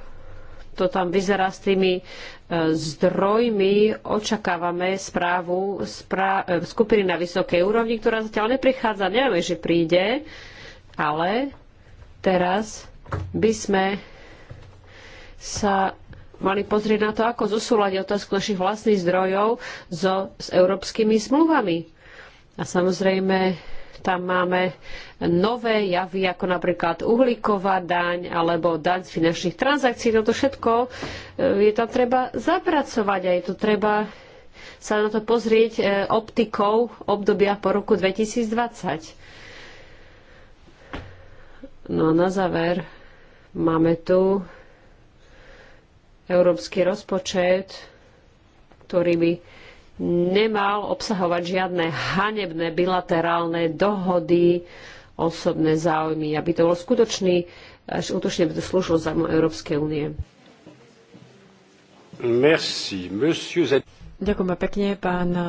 to tam vyzerá s tými e, zdrojmi. Očakávame správu spra- e, skupiny na vysokej úrovni, ktorá zatiaľ neprichádza. Nevieme, že príde, ale teraz by sme sa mali pozrieť na to, ako zosúľať otázku našich vlastných zdrojov so, s európskymi smluvami. A samozrejme, tam máme nové javy, ako napríklad uhlíková daň alebo daň z finančných transakcií. Toto no všetko e, je tam treba zapracovať a je to treba sa na to pozrieť e, optikou obdobia po roku 2020. No a na záver máme tu európsky rozpočet, ktorý by nemal obsahovať žiadne hanebné bilaterálne dohody, osobné záujmy, aby to bol skutočný, až útočne by to slúžilo záujmu Európskej únie. Merci, monsieur Zadi. Ďakujem pekne, pán eh,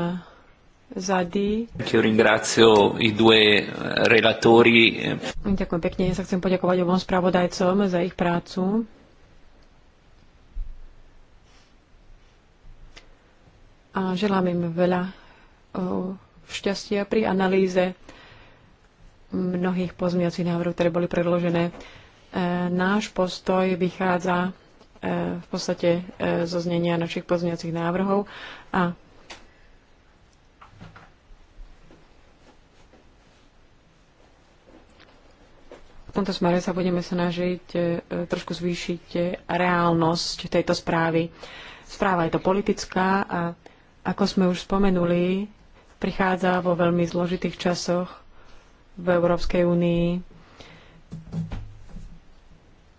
Zadi. Eh, Ďakujem pekne, ja sa chcem poďakovať obom spravodajcom za ich prácu. a želám im veľa šťastia pri analýze mnohých pozmiacich návrhov, ktoré boli predložené. E, náš postoj vychádza e, v podstate e, zo znenia našich pozmiacich návrhov a V tomto smere sa budeme snažiť trošku zvýšiť reálnosť tejto správy. Správa je to politická a ako sme už spomenuli, prichádza vo veľmi zložitých časoch v Európskej únii.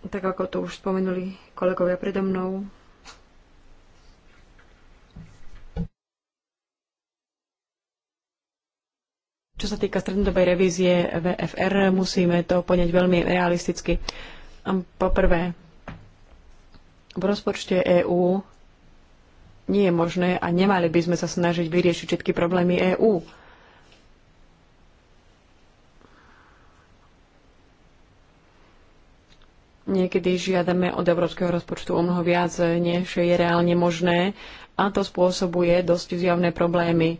Tak ako to už spomenuli kolegovia predo mnou, Čo sa týka strednodobej revízie VFR, musíme to poňať veľmi realisticky. Poprvé, v rozpočte EÚ nie je možné a nemali by sme sa snažiť vyriešiť všetky problémy EÚ. Niekedy žiadame od európskeho rozpočtu o mnoho viac, než je reálne možné a to spôsobuje dosť zjavné problémy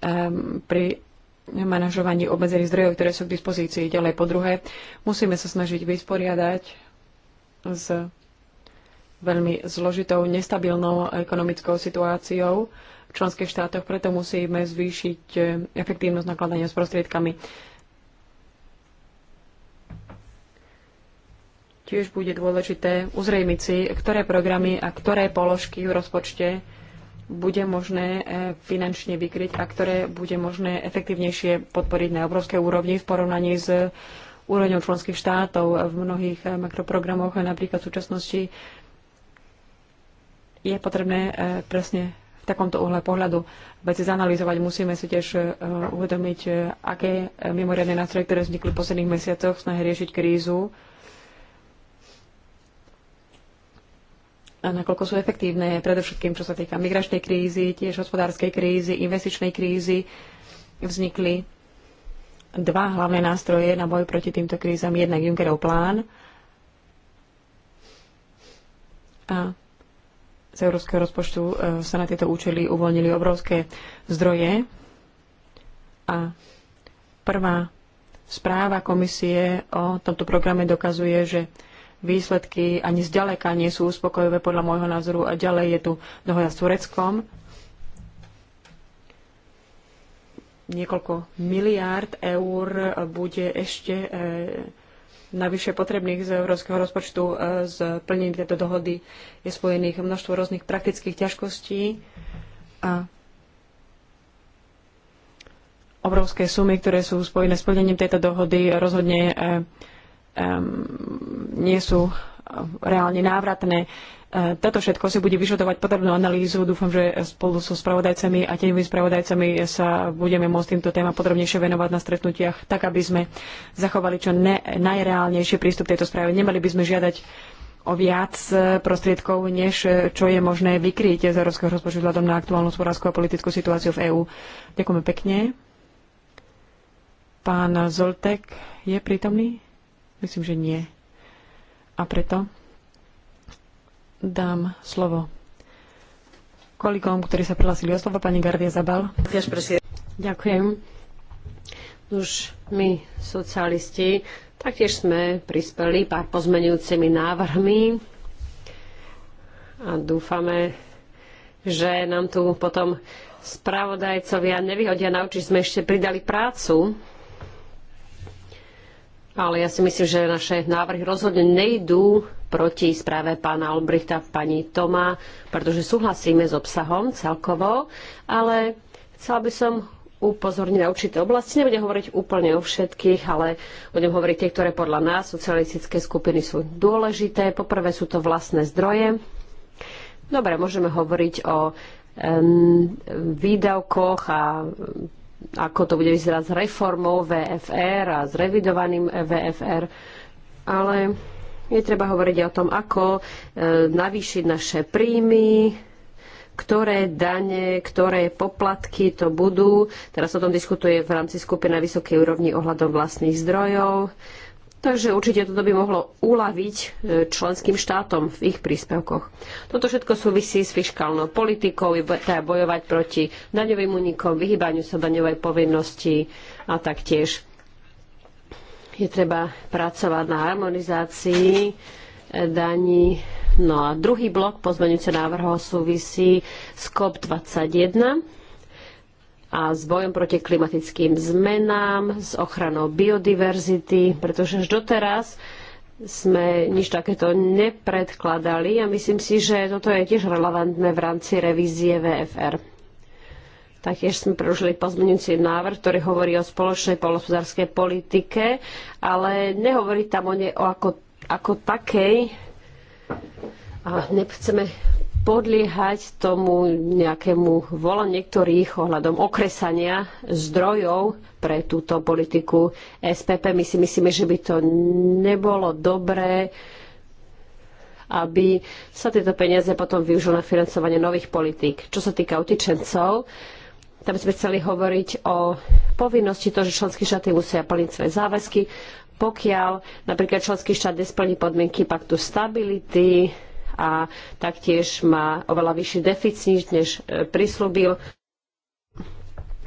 um, pri manažovaní obmedzených zdrojov, ktoré sú k dispozícii. Ďalej po druhé, musíme sa snažiť vysporiadať s veľmi zložitou, nestabilnou ekonomickou situáciou v členských štátoch, preto musíme zvýšiť eh, efektívnosť nakladania s prostriedkami. Tiež bude dôležité uzrejmiť si, ktoré programy a ktoré položky v rozpočte bude možné eh, finančne vykryť a ktoré bude možné efektívnejšie podporiť na obrovskej úrovni v porovnaní s úrovňou členských štátov v mnohých eh, makroprogramoch, napríklad v súčasnosti je potrebné e, presne v takomto uhle pohľadu veci zanalýzovať. Musíme si tiež e, uvedomiť, e, aké mimoriadne nástroje, ktoré vznikli v posledných mesiacoch, snahy riešiť krízu, a nakoľko sú efektívne, predovšetkým čo sa týka migračnej krízy, tiež hospodárskej krízy, investičnej krízy, vznikli dva hlavné nástroje na boj proti týmto krízam. Jednak Junckerov plán a z európskeho rozpočtu e, sa na tieto účely uvoľnili obrovské zdroje a prvá správa komisie o tomto programe dokazuje, že výsledky ani zďaleka nie sú uspokojivé podľa môjho názoru a ďalej je tu dohoda s Tureckom. Niekoľko miliárd eur bude ešte e, navyše potrebných z európskeho rozpočtu e, z plnení tejto dohody je spojených množstvo rôznych praktických ťažkostí a obrovské sumy, ktoré sú spojené s plnením tejto dohody, rozhodne e, e, nie sú reálne návratné. E, toto všetko si bude vyžadovať podrobnú analýzu. Dúfam, že spolu so spravodajcami a teňovými spravodajcami sa budeme môcť týmto téma podrobnejšie venovať na stretnutiach, tak aby sme zachovali čo ne, najreálnejší prístup tejto správe. Nemali by sme žiadať o viac e, prostriedkov, než e, čo je možné vykryť z európskeho rozpočtu vzhľadom na aktuálnu hospodárskú a politickú situáciu v EÚ. Ďakujeme pekne. Pán Zoltek je prítomný? Myslím, že nie. A preto dám slovo kolegom, ktorí sa prihlásili o slovo. Pani Gardia Zabal. Ďakujem. Už my, socialisti, taktiež sme prispeli pár pozmenujúcimi návrhmi a dúfame, že nám tu potom spravodajcovia nevyhodia naučiť, sme ešte pridali prácu ale ja si myslím, že naše návrhy rozhodne nejdú proti správe pána Albrichta a pani Toma, pretože súhlasíme s obsahom celkovo, ale chcela by som upozorniť na určité oblasti. Nebudem hovoriť úplne o všetkých, ale budem hovoriť tie, ktoré podľa nás socialistické skupiny sú dôležité. Poprvé sú to vlastné zdroje. Dobre, môžeme hovoriť o výdavkoch a ako to bude vyzerať s reformou VFR a s revidovaným VFR, ale je treba hovoriť o tom, ako e, navýšiť naše príjmy, ktoré dane, ktoré poplatky to budú. Teraz o tom diskutuje v rámci skupiny na vysokej úrovni ohľadom vlastných zdrojov. Takže určite toto by mohlo uľaviť e, členským štátom v ich príspevkoch. Toto všetko súvisí s fiskálnou politikou, teda bojovať proti daňovým únikom, vyhýbaniu sa daňovej povinnosti a taktiež je treba pracovať na harmonizácii e, daní. No a druhý blok pozmeňujúce návrhov súvisí s COP21 a s bojom proti klimatickým zmenám, s ochranou biodiverzity, pretože až doteraz sme nič takéto nepredkladali a myslím si, že toto je tiež relevantné v rámci revízie VFR. Taktiež sme prerušili pozmeňujúci návrh, ktorý hovorí o spoločnej polospodárskej politike, ale nehovorí tam o nej o ako, ako takej. A nechceme podliehať tomu nejakému volom niektorých ohľadom okresania zdrojov pre túto politiku SPP. My si myslíme, že by to nebolo dobré, aby sa tieto peniaze potom využili na financovanie nových politík. Čo sa týka utečencov, tam sme chceli hovoriť o povinnosti to, že členské štáty musia plniť svoje záväzky, pokiaľ napríklad členský štát nesplní podmienky paktu stability, a taktiež má oveľa vyšší deficit, než e, prislúbil,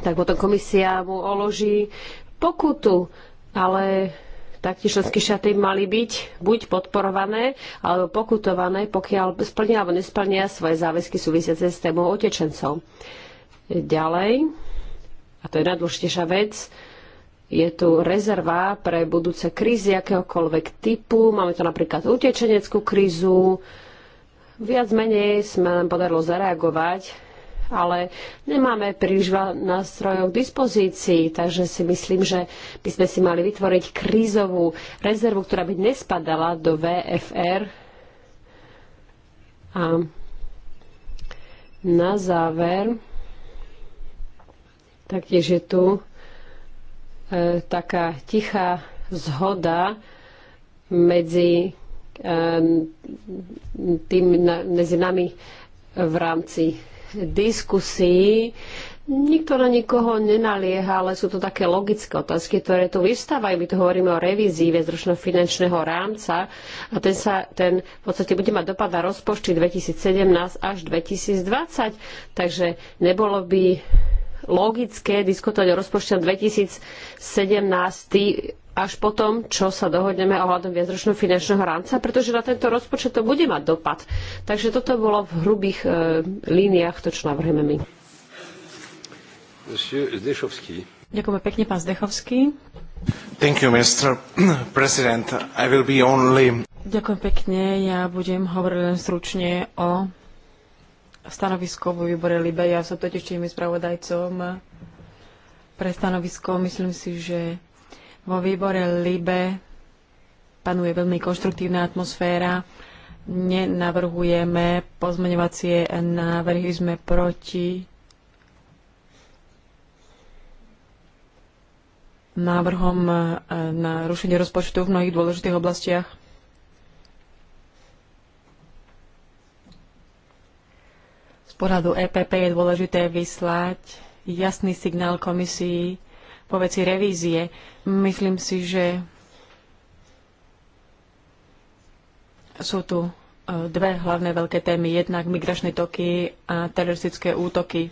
tak potom komisia mu oloží pokutu, ale taktiež členské šaty mali byť buď podporované alebo pokutované, pokiaľ splnia alebo nesplnia svoje záväzky súvisiace s témou otečencov. Ďalej, a to je najdôležitejšia vec, je tu rezerva pre budúce krízy akéhokoľvek typu. Máme tu napríklad utečeneckú krízu, Viac menej sme nám podarilo zareagovať, ale nemáme príliš veľa nástrojov k dispozícii, takže si myslím, že by sme si mali vytvoriť krízovú rezervu, ktorá by nespadala do VFR. A na záver, taktiež je tu e, taká tichá zhoda medzi Ehm, tým medzi nami v rámci diskusí. Nikto na nikoho nenalieha, ale sú to také logické otázky, ktoré tu vystávajú. My tu hovoríme o revízii väzročno finančného rámca a ten, sa, ten v podstate bude mať dopad na rozpočty 2017 až 2020. Takže nebolo by logické diskutovať o rozpočte 2017 až po tom, čo sa dohodneme ohľadom viacročného finančného rámca, pretože na tento rozpočet to bude mať dopad. Takže toto bolo v hrubých e, líniách to, čo navrhujeme my. Ďakujeme pekne, pán Zdechovský. Thank you, Mr. *clears throat* President. I will be only... Ďakujem pekne. Ja budem hovoriť len stručne o stanovisko vo výbore Libe. Ja som totiž tým spravodajcom pre stanovisko. Myslím si, že vo výbore LIBE panuje veľmi konštruktívna atmosféra. Nenavrhujeme pozmeňovacie návrhy, sme proti návrhom e, na rušenie rozpočtu v mnohých dôležitých oblastiach? Z pohľadu EPP je dôležité vyslať jasný signál komisii, po veci revízie. Myslím si, že sú tu e, dve hlavné veľké témy. Jednak migračné toky a teroristické útoky.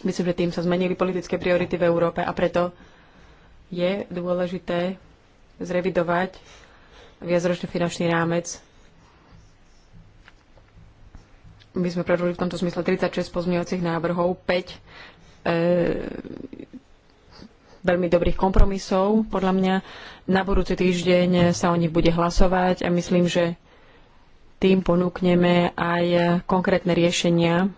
Myslím, že tým sa zmenili politické priority v Európe a preto je dôležité zrevidovať viacročný finančný rámec. My sme predložili v tomto smysle 36 pozmeňovacích návrhov, 5 e, veľmi dobrých kompromisov. Podľa mňa na budúci týždeň sa o nich bude hlasovať a myslím, že tým ponúkneme aj konkrétne riešenia.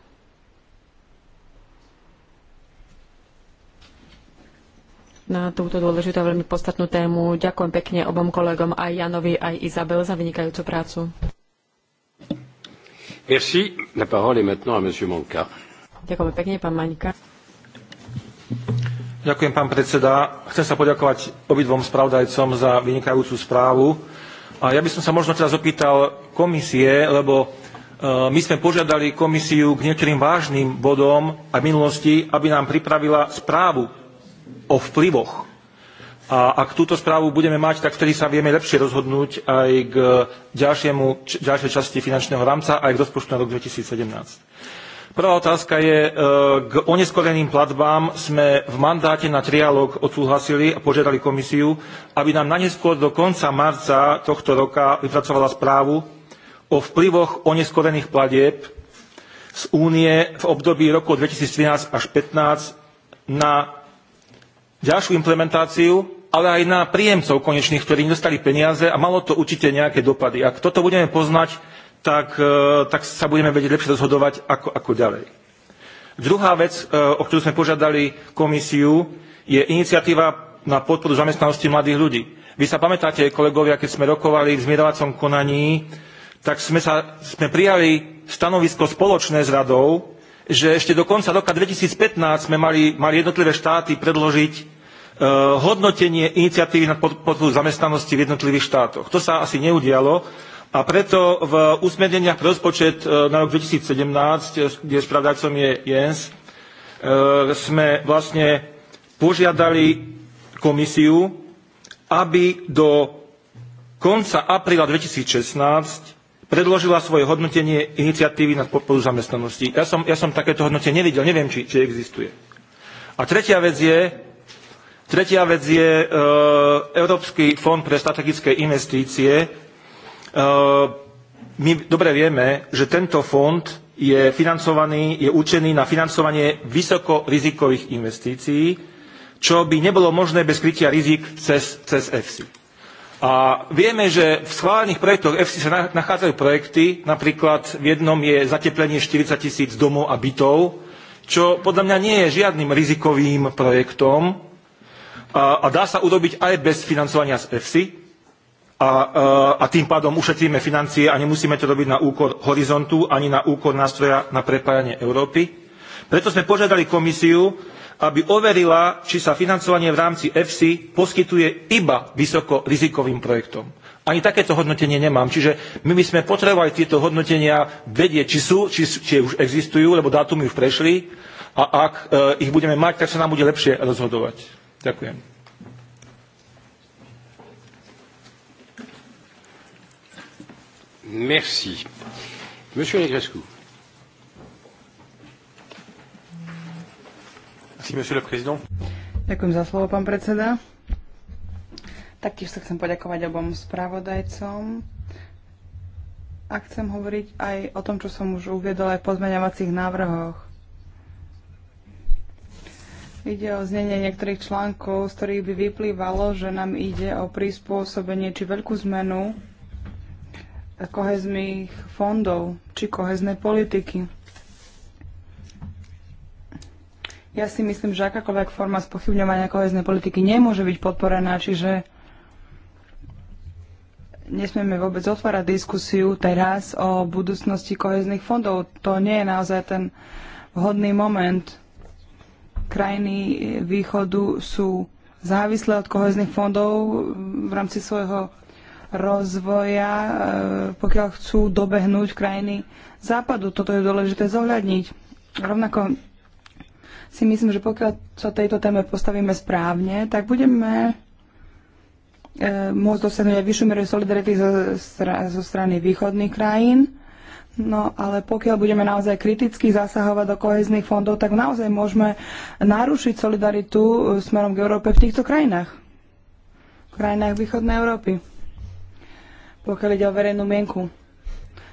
na túto dôležitú a veľmi podstatnú tému. Ďakujem pekne obom kolegom, aj Janovi, aj Izabel, za vynikajúcu prácu. Merci. La parole est maintenant à Monsieur Manka. Ďakujem pekne, pán Maňka. Ďakujem, pán predseda. Chcem sa poďakovať obidvom spravodajcom za vynikajúcu správu. A ja by som sa možno teraz opýtal komisie, lebo e, my sme požiadali komisiu k niektorým vážnym bodom v minulosti, aby nám pripravila správu o vplyvoch. A ak túto správu budeme mať, tak vtedy sa vieme lepšie rozhodnúť aj k ďalšiemu, ďalšej časti finančného rámca, aj k rozpočtu na rok 2017. Prvá otázka je, e, k oneskoreným platbám sme v mandáte na trialóg odsúhlasili a požiadali komisiu, aby nám najneskôr do konca marca tohto roka vypracovala správu o vplyvoch oneskorených platieb z únie v období rokov 2013 až 2015 na ďalšiu implementáciu, ale aj na príjemcov konečných, ktorí nedostali peniaze a malo to určite nejaké dopady. Ak toto budeme poznať tak, e, tak sa budeme vedieť lepšie rozhodovať, ako, ako ďalej. Druhá vec, e, o ktorú sme požiadali komisiu, je iniciatíva na podporu zamestnanosti mladých ľudí. Vy sa pamätáte, kolegovia, keď sme rokovali v zmierovacom konaní, tak sme, sa, sme prijali stanovisko spoločné s radou, že ešte do konca roka 2015 sme mali, mali jednotlivé štáty predložiť e, hodnotenie iniciatívy na podporu zamestnanosti v jednotlivých štátoch. To sa asi neudialo, a preto v usmerneniach pre rozpočet e, na rok 2017, e, kde spravdajcom je Jens, e, sme vlastne požiadali komisiu, aby do konca apríla 2016 predložila svoje hodnotenie iniciatívy na podporu zamestnanosti. Ja som, ja som takéto hodnotenie nevidel, neviem, či, či existuje. A tretia vec je, tretia vec je Európsky fond pre strategické investície, my dobre vieme, že tento fond je financovaný, je určený na financovanie vysokorizikových investícií, čo by nebolo možné bez krytia rizik cez, cez EFSI. A vieme, že v schválených projektoch EFSI sa nachádzajú projekty, napríklad v jednom je zateplenie 40 tisíc domov a bytov, čo podľa mňa nie je žiadnym rizikovým projektom a, a dá sa urobiť aj bez financovania z EFSI a, e, a tým pádom ušetríme financie a nemusíme to robiť na úkor horizontu ani na úkor nástroja na prepájanie Európy. Preto sme požiadali komisiu, aby overila, či sa financovanie v rámci EFSI poskytuje iba vysoko rizikovým projektom. Ani takéto hodnotenie nemám. Čiže my by sme potrebovali tieto hodnotenia vedieť, či sú, či, či už existujú, lebo dátumy už prešli a ak e, ich budeme mať, tak sa nám bude lepšie rozhodovať. Ďakujem. Merci. Monsieur Negrescu. Merci, monsieur le président. Ďakujem za slovo, pán predseda. Taktiež sa chcem poďakovať obom spravodajcom. A chcem hovoriť aj o tom, čo som už uviedol aj v pozmeňovacích návrhoch. Ide o znenie niektorých článkov, z ktorých by vyplývalo, že nám ide o prispôsobenie či veľkú zmenu kohezných fondov či koheznej politiky. Ja si myslím, že akákoľvek forma spochybňovania koheznej politiky nemôže byť podporená, čiže nesmieme vôbec otvárať diskusiu teraz o budúcnosti koheznych fondov. To nie je naozaj ten vhodný moment. Krajiny východu sú závislé od koheznych fondov v rámci svojho rozvoja, e, pokiaľ chcú dobehnúť krajiny západu. Toto je dôležité zohľadniť. Rovnako si myslím, že pokiaľ sa tejto téme postavíme správne, tak budeme e, môcť dosiahnuť aj vyššiu mieru solidarity zo, zo strany východných krajín. No ale pokiaľ budeme naozaj kriticky zasahovať do kohezných fondov, tak naozaj môžeme narušiť solidaritu e, smerom k Európe v týchto krajinách. V krajinách východnej Európy pokiaľ ide o verejnú mienku.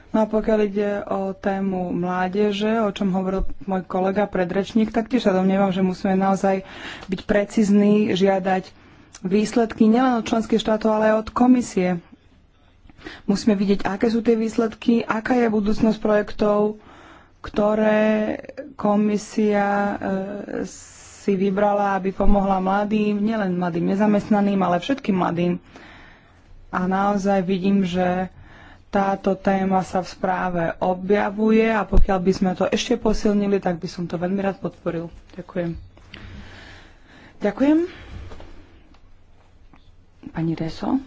No a pokiaľ ide o tému mládeže, o čom hovoril môj kolega predrečník, tak tiež sa domnievam, že musíme naozaj byť precizní, žiadať výsledky nielen od členských štátov, ale aj od komisie. Musíme vidieť, aké sú tie výsledky, aká je budúcnosť projektov, ktoré komisia e, si vybrala, aby pomohla mladým, nielen mladým nezamestnaným, ale všetkým mladým a naozaj vidím, že táto téma sa v správe objavuje a pokiaľ by sme to ešte posilnili, tak by som to veľmi rád podporil. Ďakujem. Ďakujem. Pani Reso.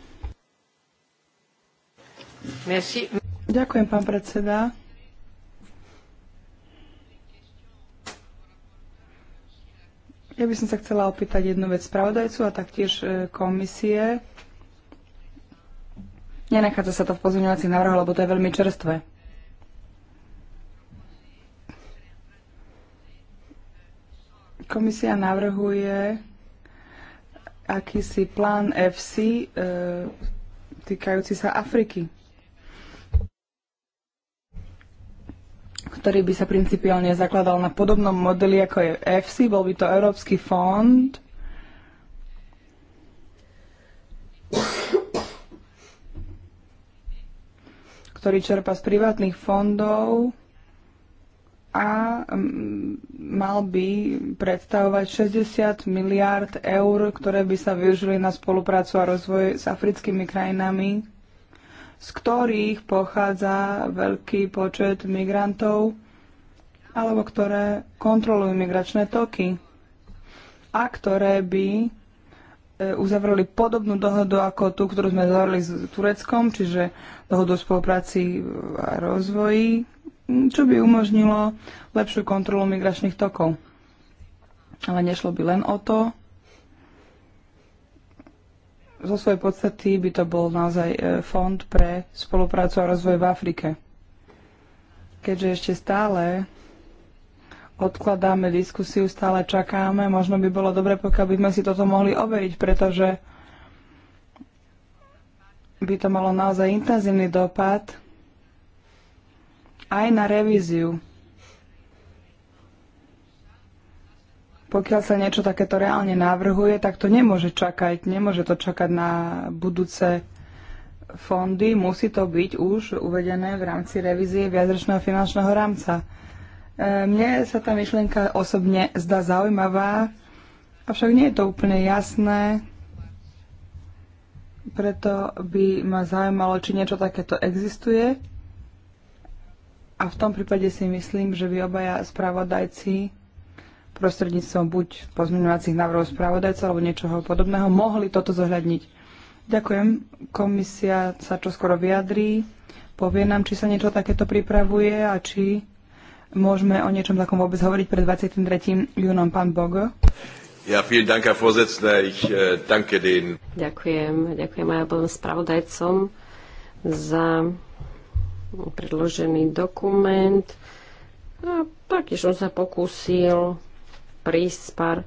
Merci. Ďakujem, pán predseda. Ja by som sa chcela opýtať jednu vec spravodajcu a taktiež e, komisie. Nenachádza sa to v pozorňovací návrhoch, lebo to je veľmi čerstvé. Komisia navrhuje akýsi plán FC e, týkajúci sa Afriky, ktorý by sa principiálne zakladal na podobnom modeli ako je FC, bol by to Európsky fond ktorý čerpa z privátnych fondov a mm, mal by predstavovať 60 miliárd eur, ktoré by sa využili na spoluprácu a rozvoj s africkými krajinami, z ktorých pochádza veľký počet migrantov alebo ktoré kontrolujú migračné toky a ktoré by e, uzavreli podobnú dohodu ako tú, ktorú sme zavreli s Tureckom, čiže dohodu o spolupráci a rozvoji, čo by umožnilo lepšiu kontrolu migračných tokov. Ale nešlo by len o to. Zo svojej podstaty by to bol naozaj e, fond pre spoluprácu a rozvoj v Afrike. Keďže ešte stále odkladáme diskusiu, stále čakáme, možno by bolo dobre, pokiaľ by sme si toto mohli overiť, pretože by to malo naozaj intenzívny dopad aj na revíziu. Pokiaľ sa niečo takéto reálne navrhuje, tak to nemôže čakať, nemôže to čakať na budúce fondy, musí to byť už uvedené v rámci revízie viacročného finančného rámca. E, mne sa tá myšlienka osobne zdá zaujímavá, avšak nie je to úplne jasné, preto by ma zaujímalo, či niečo takéto existuje. A v tom prípade si myslím, že vy obaja spravodajci prostredníctvom buď pozmeňovacích návrhov spravodajca alebo niečoho podobného mohli toto zohľadniť. Ďakujem. Komisia sa čo skoro vyjadrí. Povie nám, či sa niečo takéto pripravuje a či môžeme o niečom takom vôbec hovoriť pred 23. júnom. Pán Bogo. Ja, vielen Dank, Herr Vorsitzender. Ich äh, danke den... Ďakujem, ďakujem aj obom spravodajcom za predložený dokument. A taktiež som sa pokúsil prísť pár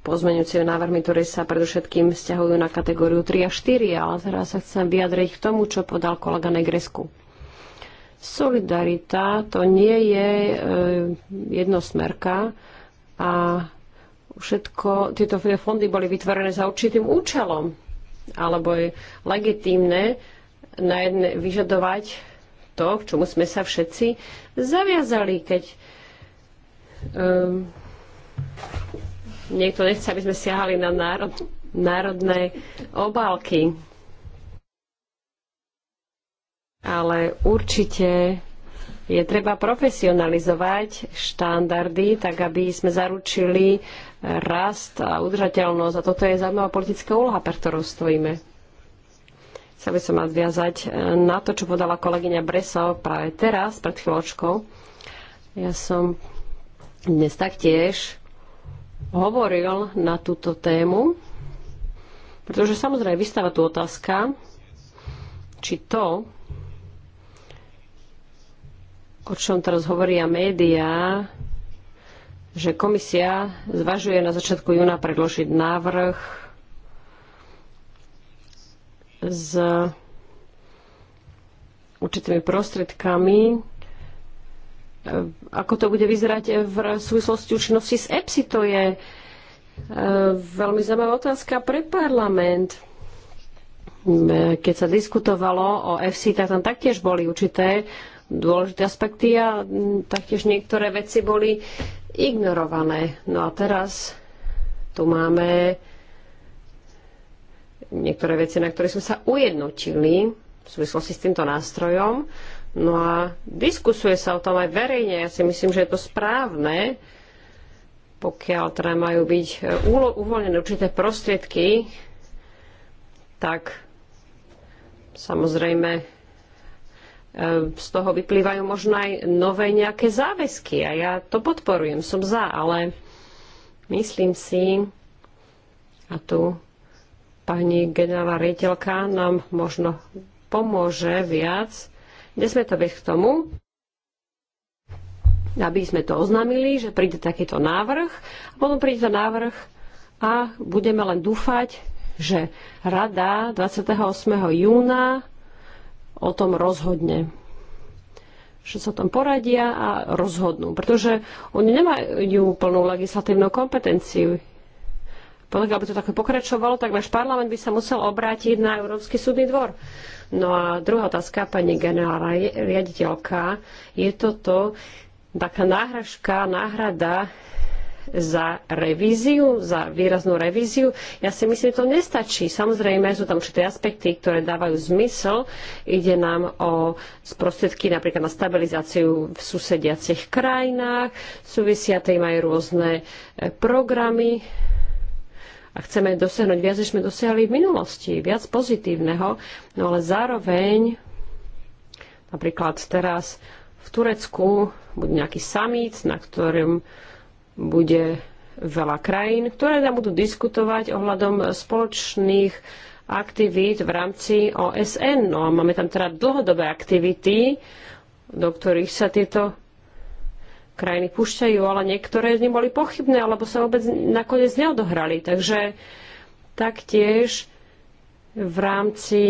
pozmeňujúcimi návrhmi, ktoré sa predovšetkým vzťahujú na kategóriu 3 a 4, ale teraz sa chcem vyjadriť k tomu, čo podal kolega Negresku. Solidarita to nie je e, jednosmerka a všetko tieto fondy boli vytvorené za určitým účelom. Alebo je legitímne na jedne, vyžadovať to, k čomu sme sa všetci zaviazali, keď um, niekto nechce, aby sme siahali na národ, národné obálky. Ale určite je treba profesionalizovať štandardy, tak aby sme zaručili rast a udržateľnosť. A toto je zaujímavá politická úloha, pre ktorú stojíme. Chcel by som nadviazať eh, na to, čo podala kolegyňa Breso práve teraz, pred chvíľočkou. Ja som dnes taktiež hovoril na túto tému, pretože samozrejme vystáva tu otázka, či to, o čom teraz hovoria médiá, že komisia zvažuje na začiatku júna predložiť návrh s určitými prostriedkami. Ako to bude vyzerať v súvislosti účinnosti s EPSI, to je e, veľmi zaujímavá otázka pre parlament. E, keď sa diskutovalo o EFSI, tak tam taktiež boli určité dôležité aspekty a mm, taktiež niektoré veci boli ignorované. No a teraz tu máme niektoré veci, na ktoré sme sa ujednotili v súvislosti s týmto nástrojom. No a diskusuje sa o tom aj verejne. Ja si myslím, že je to správne, pokiaľ teda majú byť e, uvoľnené určité prostriedky, tak samozrejme z toho vyplývajú možno aj nové nejaké záväzky a ja to podporujem, som za, ale myslím si, a tu pani generálna rejiteľka nám možno pomôže viac, kde sme to vieť k tomu, aby sme to oznámili, že príde takýto návrh a potom príde to návrh a budeme len dúfať, že rada 28. júna o tom rozhodne že sa tam poradia a rozhodnú, pretože oni nemajú plnú legislatívnu kompetenciu. Pokiaľ by to také pokračovalo, tak náš parlament by sa musel obrátiť na Európsky súdny dvor. No a druhá otázka, pani generálna riaditeľka, je toto taká náhražka, náhrada za revíziu, za výraznú revíziu. Ja si myslím, že to nestačí. Samozrejme, sú tam určité aspekty, ktoré dávajú zmysel. Ide nám o prostriedky napríklad na stabilizáciu v susediacich krajinách, súvisia tej majú rôzne e, programy a chceme dosiahnuť viac, než sme dosiahli v minulosti, viac pozitívneho, no ale zároveň napríklad teraz v Turecku bude nejaký summit, na ktorom bude veľa krajín, ktoré tam budú diskutovať ohľadom spoločných aktivít v rámci OSN. No a máme tam teda dlhodobé aktivity, do ktorých sa tieto krajiny púšťajú, ale niektoré z nich boli pochybné, alebo sa vôbec nakoniec neodohrali. Takže taktiež v rámci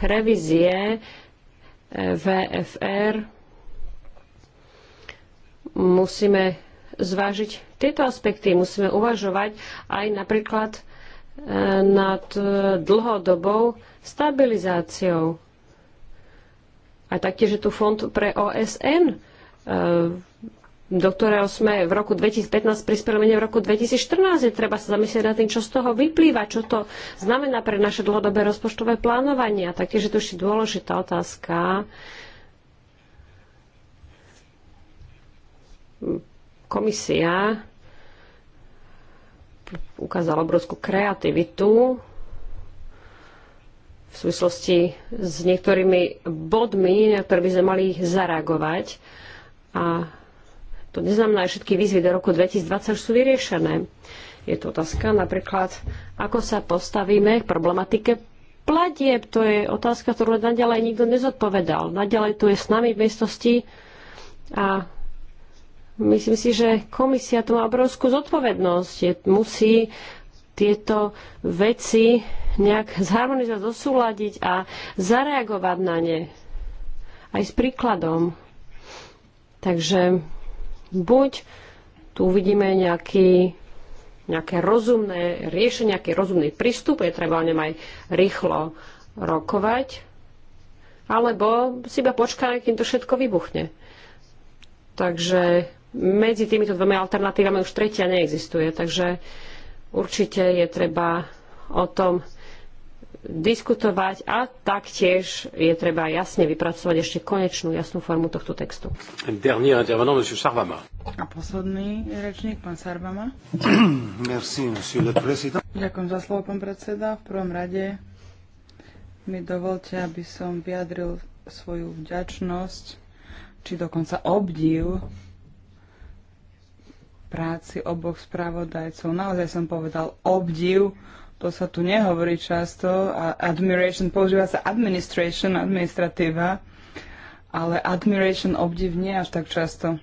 revízie eh, VFR musíme zvážiť tieto aspekty. Musíme uvažovať aj napríklad e, nad e, dlhodobou stabilizáciou. A taktiež je tu fond pre OSN, e, do ktorého sme v roku 2015 prispeli menej v roku 2014. Je treba sa zamyslieť nad tým, čo z toho vyplýva, čo to znamená pre naše dlhodobé rozpočtové plánovanie. A taktiež je tu ešte dôležitá otázka Komisia ukázala obrovskú kreativitu v súvislosti s niektorými bodmi, na ktoré by sme mali zareagovať. A to neznamená, že všetky výzvy do roku 2020 sú vyriešené. Je to otázka napríklad, ako sa postavíme k problematike platieb. To je otázka, ktorú naďalej nikto nezodpovedal. Naďalej tu je s nami v miestnosti a Myslím si, že komisia tu má obrovskú zodpovednosť. Je, musí tieto veci nejak zharmonizovať, zosúľadiť a zareagovať na ne. Aj s príkladom. Takže buď tu uvidíme nejaký, nejaké rozumné riešenie, nejaký rozumný prístup, je treba o ňom aj rýchlo rokovať, alebo si iba počkáme, kým to všetko vybuchne. Takže medzi týmito dvomi alternatívami už tretia neexistuje, takže určite je treba o tom diskutovať a taktiež je treba jasne vypracovať ešte konečnú jasnú formu tohto textu. A posledný rečník, pán Sarvama. *clears throat* Merci, Ďakujem za slovo, pán predseda. V prvom rade mi dovolte, aby som vyjadril svoju vďačnosť, či dokonca obdiv práci oboch spravodajcov. Naozaj som povedal obdiv, to sa tu nehovorí často, a admiration, používa sa administration, administratíva, ale admiration, obdiv nie až tak často.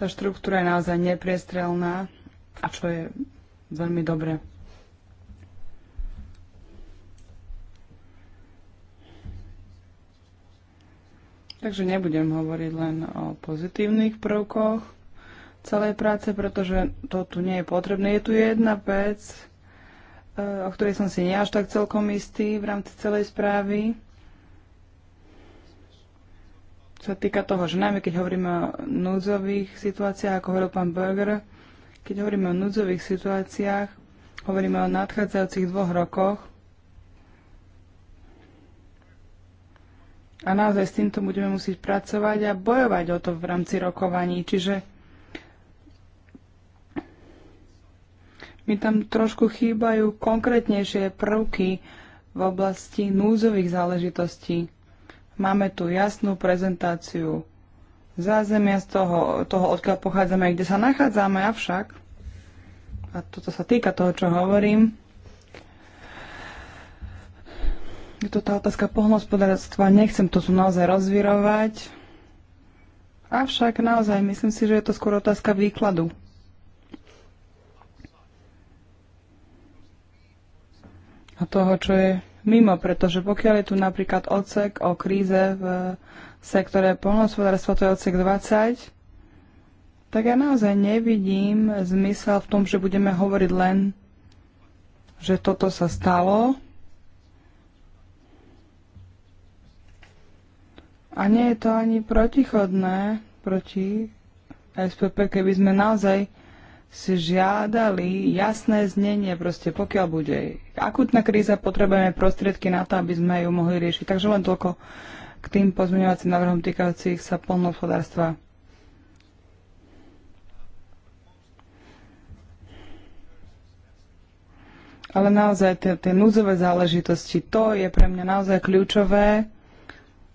Tá štruktúra je naozaj nepriestrelná a čo je veľmi dobré. Takže nebudem hovoriť len o pozitívnych prvkoch celej práce, pretože to tu nie je potrebné. Je tu jedna vec, e, o ktorej som si nie až tak celkom istý v rámci celej správy. Čo sa týka toho, že najmä keď hovoríme o núdzových situáciách, ako hovoril pán Berger, keď hovoríme o núdzových situáciách, hovoríme o nadchádzajúcich dvoch rokoch. A naozaj s týmto budeme musieť pracovať a bojovať o to v rámci rokovaní. Čiže mi tam trošku chýbajú konkrétnejšie prvky v oblasti núzových záležitostí. Máme tu jasnú prezentáciu zázemia z toho, toho odkiaľ pochádzame, kde sa nachádzame, avšak, a toto sa týka toho, čo hovorím, je to tá otázka pohľadspodárstva, nechcem to tu naozaj rozvirovať, avšak naozaj myslím si, že je to skôr otázka výkladu. A toho, čo je mimo, pretože pokiaľ je tu napríklad odsek o kríze v sektore poľnohospodárstva, to je odsek 20, tak ja naozaj nevidím zmysel v tom, že budeme hovoriť len, že toto sa stalo a nie je to ani protichodné proti SPP, keby sme naozaj si žiadali jasné znenie, proste pokiaľ bude akutná kríza, potrebujeme prostriedky na to, aby sme ju mohli riešiť. Takže len toľko k tým pozmeňovacím návrhom týkajúcich sa polnohospodárstva. Ale naozaj tie, tie núdzové záležitosti, to je pre mňa naozaj kľúčové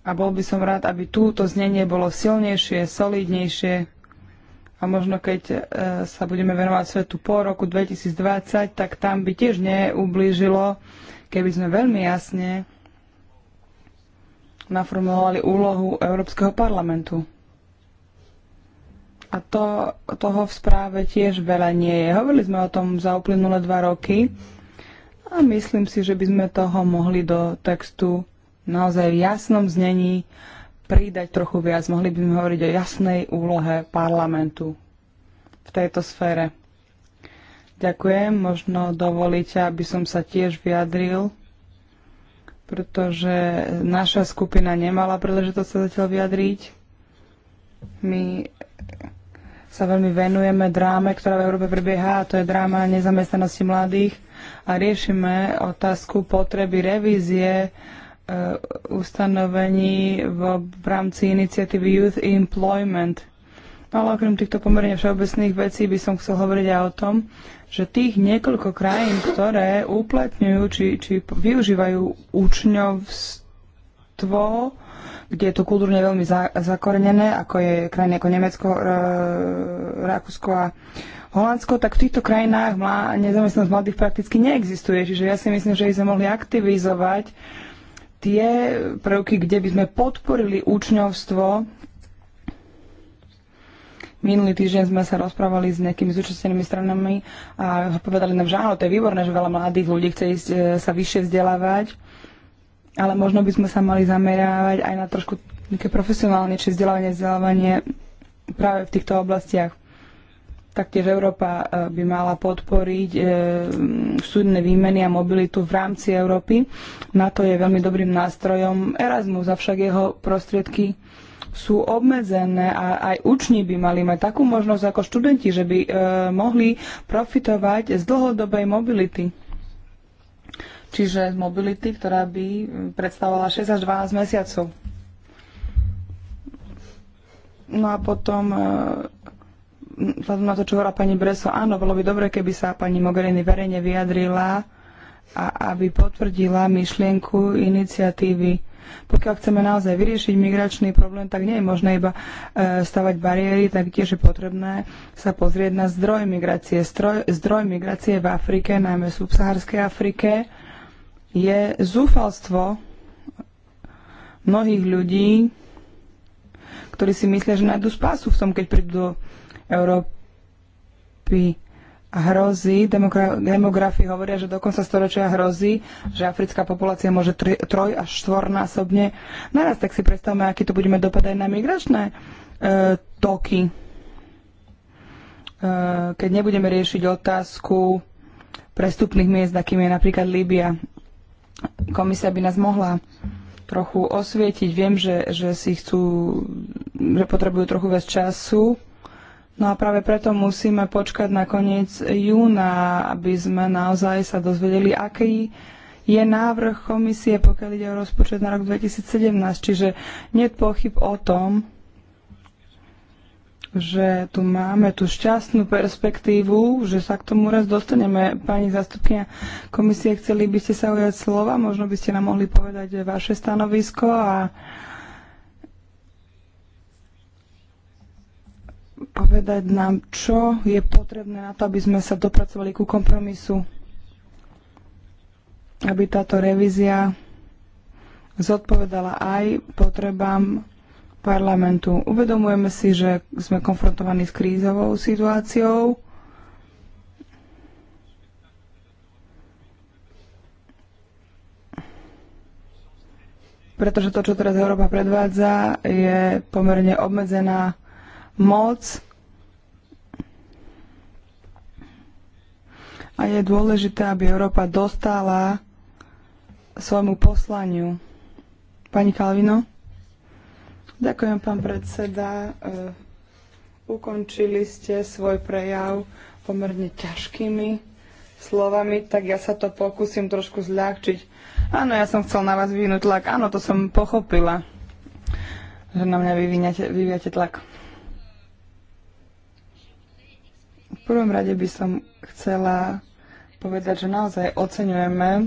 a bol by som rád, aby túto znenie bolo silnejšie, solidnejšie a možno keď e, sa budeme venovať svetu po roku 2020, tak tam by tiež neublížilo, keby sme veľmi jasne naformulovali úlohu Európskeho parlamentu. A to, toho v správe tiež veľa nie je. Hovorili sme o tom za uplynulé dva roky a myslím si, že by sme toho mohli do textu naozaj v jasnom znení pridať trochu viac. Mohli by sme hovoriť o jasnej úlohe parlamentu v tejto sfére. Ďakujem. Možno dovolíte, aby som sa tiež vyjadril, pretože naša skupina nemala príležitosť sa zatiaľ vyjadriť. My sa veľmi venujeme dráme, ktorá v Európe prebieha, a to je dráma nezamestnanosti mladých a riešime otázku potreby revízie Eh, ustanovení v rámci iniciatívy Youth Employment. Ale okrem týchto pomerne všeobecných vecí by som chcel hovoriť aj o tom, že tých niekoľko krajín, ktoré uplatňujú či, či využívajú učňovstvo, kde je to kultúrne veľmi za, zakorenené, ako je krajiny ako Nemecko, eh, Rakúsko a Holandsko, tak v týchto krajinách nezamestnosť nezamestnanosť mladých prakticky neexistuje. Čiže ja si myslím, že ich sme mohli aktivizovať tie prvky, kde by sme podporili účňovstvo. Minulý týždeň sme sa rozprávali s nejakými zúčastnenými stranami a povedali nám, že áno, to je výborné, že veľa mladých ľudí chce ísť, e, sa vyššie vzdelávať, ale možno by sme sa mali zamerávať aj na trošku také profesionálnejšie vzdelávanie, vzdelávanie práve v týchto oblastiach. Taktiež Európa e, by mala podporiť e, súdne výmeny a mobilitu v rámci Európy. Na to je veľmi dobrým nástrojom Erasmus, avšak jeho prostriedky sú obmedzené a aj učni by mali mať takú možnosť ako študenti, že by e, mohli profitovať z dlhodobej mobility. Čiže z mobility, ktorá by predstavovala 6 až 12 mesiacov. No a potom vzhľadom na to, čo hovorila pani Breso, áno, bolo by dobre, keby sa pani Mogherini verejne vyjadrila a aby potvrdila myšlienku iniciatívy. Pokiaľ chceme naozaj vyriešiť migračný problém, tak nie je možné iba e, stavať bariéry, tak tiež je potrebné sa pozrieť na zdroj migrácie. Stroj, zdroj migrácie v Afrike, najmä v subsahárskej Afrike, je zúfalstvo mnohých ľudí, ktorí si myslia, že nájdu spásu v tom, keď prídu do Európy. A hrozí, demografi hovoria, že do konca storočia hrozí, že africká populácia môže tri, troj až štvornásobne naraz. Tak si predstavme, aký to budeme dopadať na migračné e, toky. E, keď nebudeme riešiť otázku prestupných miest, akým je napríklad Líbia, komisia by nás mohla trochu osvietiť. Viem, že, že si chcú, že potrebujú trochu viac času. No a práve preto musíme počkať na koniec júna, aby sme naozaj sa dozvedeli, aký je návrh komisie, pokiaľ ide o rozpočet na rok 2017. Čiže nie pochyb o tom, že tu máme tú šťastnú perspektívu, že sa k tomu raz dostaneme. Pani zastupkynia komisie, chceli by ste sa ujať slova, možno by ste nám mohli povedať vaše stanovisko a povedať nám, čo je potrebné na to, aby sme sa dopracovali ku kompromisu, aby táto revízia zodpovedala aj potrebám parlamentu. Uvedomujeme si, že sme konfrontovaní s krízovou situáciou. pretože to, čo teraz Európa predvádza, je pomerne obmedzená moc a je dôležité, aby Európa dostala svojmu poslaniu. Pani Kalvino? Ďakujem, pán predseda. E, ukončili ste svoj prejav pomerne ťažkými slovami, tak ja sa to pokúsim trošku zľahčiť. Áno, ja som chcel na vás vyvinúť tlak. Áno, to som pochopila, že na mňa vyvíjate, vyvíjate tlak. V prvom rade by som chcela povedať, že naozaj oceňujeme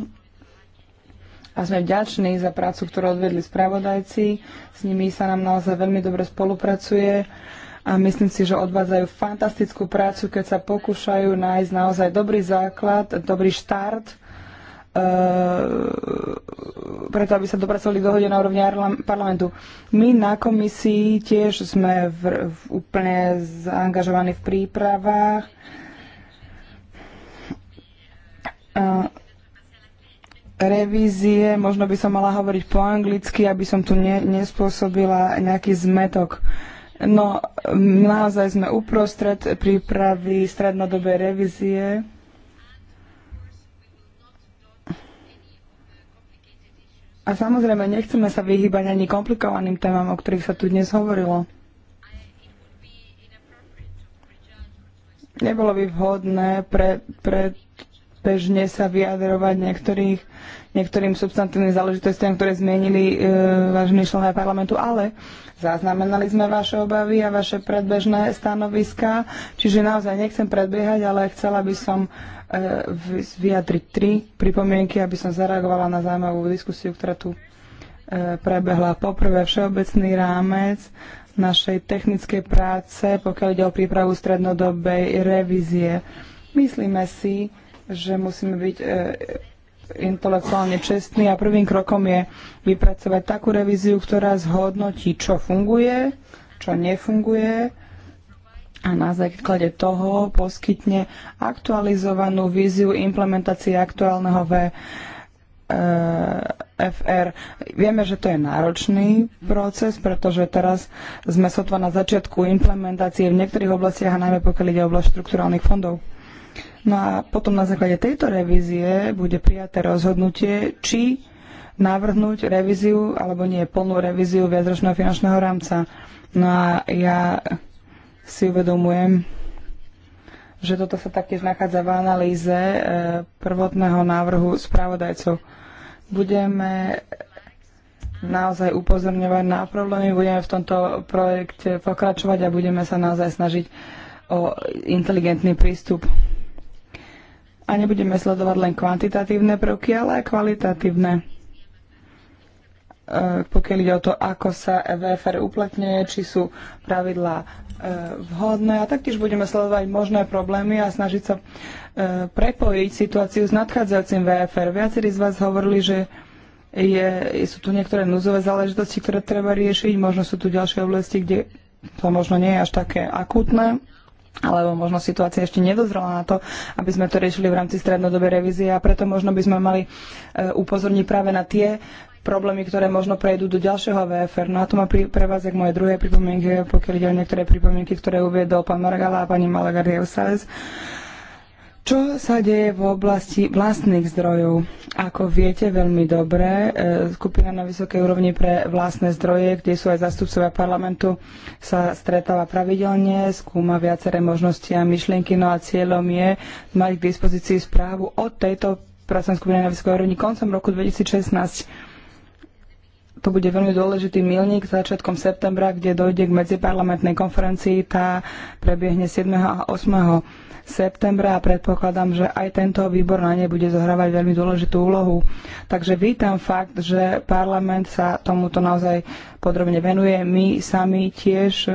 a sme vďační za prácu, ktorú odvedli spravodajci. S nimi sa nám naozaj veľmi dobre spolupracuje a myslím si, že odvádzajú fantastickú prácu, keď sa pokúšajú nájsť naozaj dobrý základ, dobrý štart, Uh, preto aby sa dopracovali k dohode na úrovni parlamentu. My na komisii tiež sme v, v, úplne zaangažovaní v prípravách. Uh, revízie, možno by som mala hovoriť po anglicky, aby som tu ne, nespôsobila nejaký zmetok. No, naozaj sme uprostred prípravy strednodobej revízie. A samozrejme, nechceme sa vyhýbať ani komplikovaným témam, o ktorých sa tu dnes hovorilo. Nebolo by vhodné pre, pre bežne sa vyjadrovať niektorých, niektorým substantívnym záležitostiam, ktoré zmienili e, vážení členovia parlamentu, ale zaznamenali sme vaše obavy a vaše predbežné stanoviská, čiže naozaj nechcem predbiehať, ale chcela by som e, vyjadriť tri pripomienky, aby som zareagovala na zaujímavú diskusiu, ktorá tu e, prebehla. Poprvé všeobecný rámec našej technickej práce, pokiaľ ide o prípravu strednodobej revízie. Myslíme si, že musíme byť e, intelektuálne čestní a prvým krokom je vypracovať takú revíziu, ktorá zhodnotí, čo funguje, čo nefunguje a na základe toho poskytne aktualizovanú víziu implementácie aktuálneho v, e, FR. Vieme, že to je náročný proces, pretože teraz sme sotva na začiatku implementácie v niektorých oblastiach a najmä pokiaľ ide o oblasť štruktúrálnych fondov. No a potom na základe tejto revízie bude prijaté rozhodnutie, či navrhnúť revíziu alebo nie plnú revíziu viacročného finančného rámca. No a ja si uvedomujem, že toto sa taktiež nachádza v analýze e, prvotného návrhu spravodajcov. Budeme naozaj upozorňovať na problémy, budeme v tomto projekte pokračovať a budeme sa naozaj snažiť o inteligentný prístup a nebudeme sledovať len kvantitatívne prvky, ale aj kvalitatívne. E, pokiaľ ide o to, ako sa e VFR uplatňuje, či sú pravidlá e, vhodné a taktiež budeme sledovať možné problémy a snažiť sa e, prepojiť situáciu s nadchádzajúcim VFR. Viacerí z vás hovorili, že je, sú tu niektoré núzové záležitosti, ktoré treba riešiť, možno sú tu ďalšie oblasti, kde to možno nie je až také akútne alebo možno situácia ešte nedozrela na to, aby sme to riešili v rámci strednodobej revízie a preto možno by sme mali e, upozorniť práve na tie problémy, ktoré možno prejdú do ďalšieho VFR. No a to má pri, pre vás jak moje druhé pripomienky, pokiaľ ide o niektoré pripomienky, ktoré uviedol pán Margala a pani Malagardia Sales. Čo sa deje v oblasti vlastných zdrojov? Ako viete veľmi dobre, e, skupina na vysokej úrovni pre vlastné zdroje, kde sú aj zastupcovia parlamentu, sa stretáva pravidelne, skúma viaceré možnosti a myšlienky, no a cieľom je mať k dispozícii správu o tejto pracovnej skupine na vysokej úrovni koncom roku 2016 to bude veľmi dôležitý milník začiatkom septembra, kde dojde k medziparlamentnej konferencii. Tá prebiehne 7. a 8 septembra a predpokladám, že aj tento výbor na ne bude zohrávať veľmi dôležitú úlohu. Takže vítam fakt, že parlament sa tomuto naozaj podrobne venuje. My sami tiež e,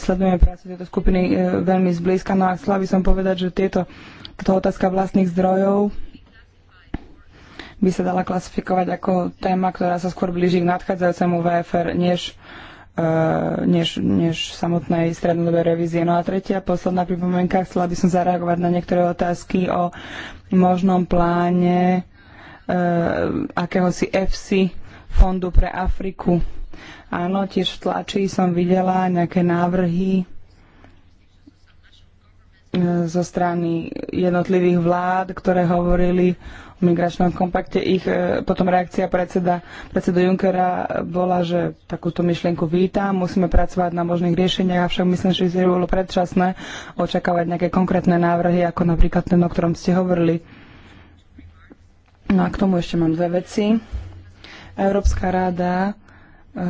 sledujeme prácu tejto skupiny e, veľmi zblízka. No a chcela by som povedať, že tieto, táto otázka vlastných zdrojov by sa dala klasifikovať ako téma, ktorá sa skôr blíži k nadchádzajúcemu VFR, než Eh, než, než samotnej strednodobej revízie. No a tretia posledná pripomienka, chcela by som zareagovať na niektoré otázky o možnom pláne uh, akéhosi EFSI fondu pre Afriku. Áno, tiež v tlači som videla nejaké návrhy eh, zo strany jednotlivých vlád, ktoré hovorili migračnom kompakte. Ich e, potom reakcia predseda, predseda Junckera bola, že takúto myšlienku vítam, musíme pracovať na možných riešeniach, avšak myslím, že by bolo predčasné očakávať nejaké konkrétne návrhy, ako napríklad ten, o ktorom ste hovorili. No a k tomu ešte mám dve veci. Európska rada E,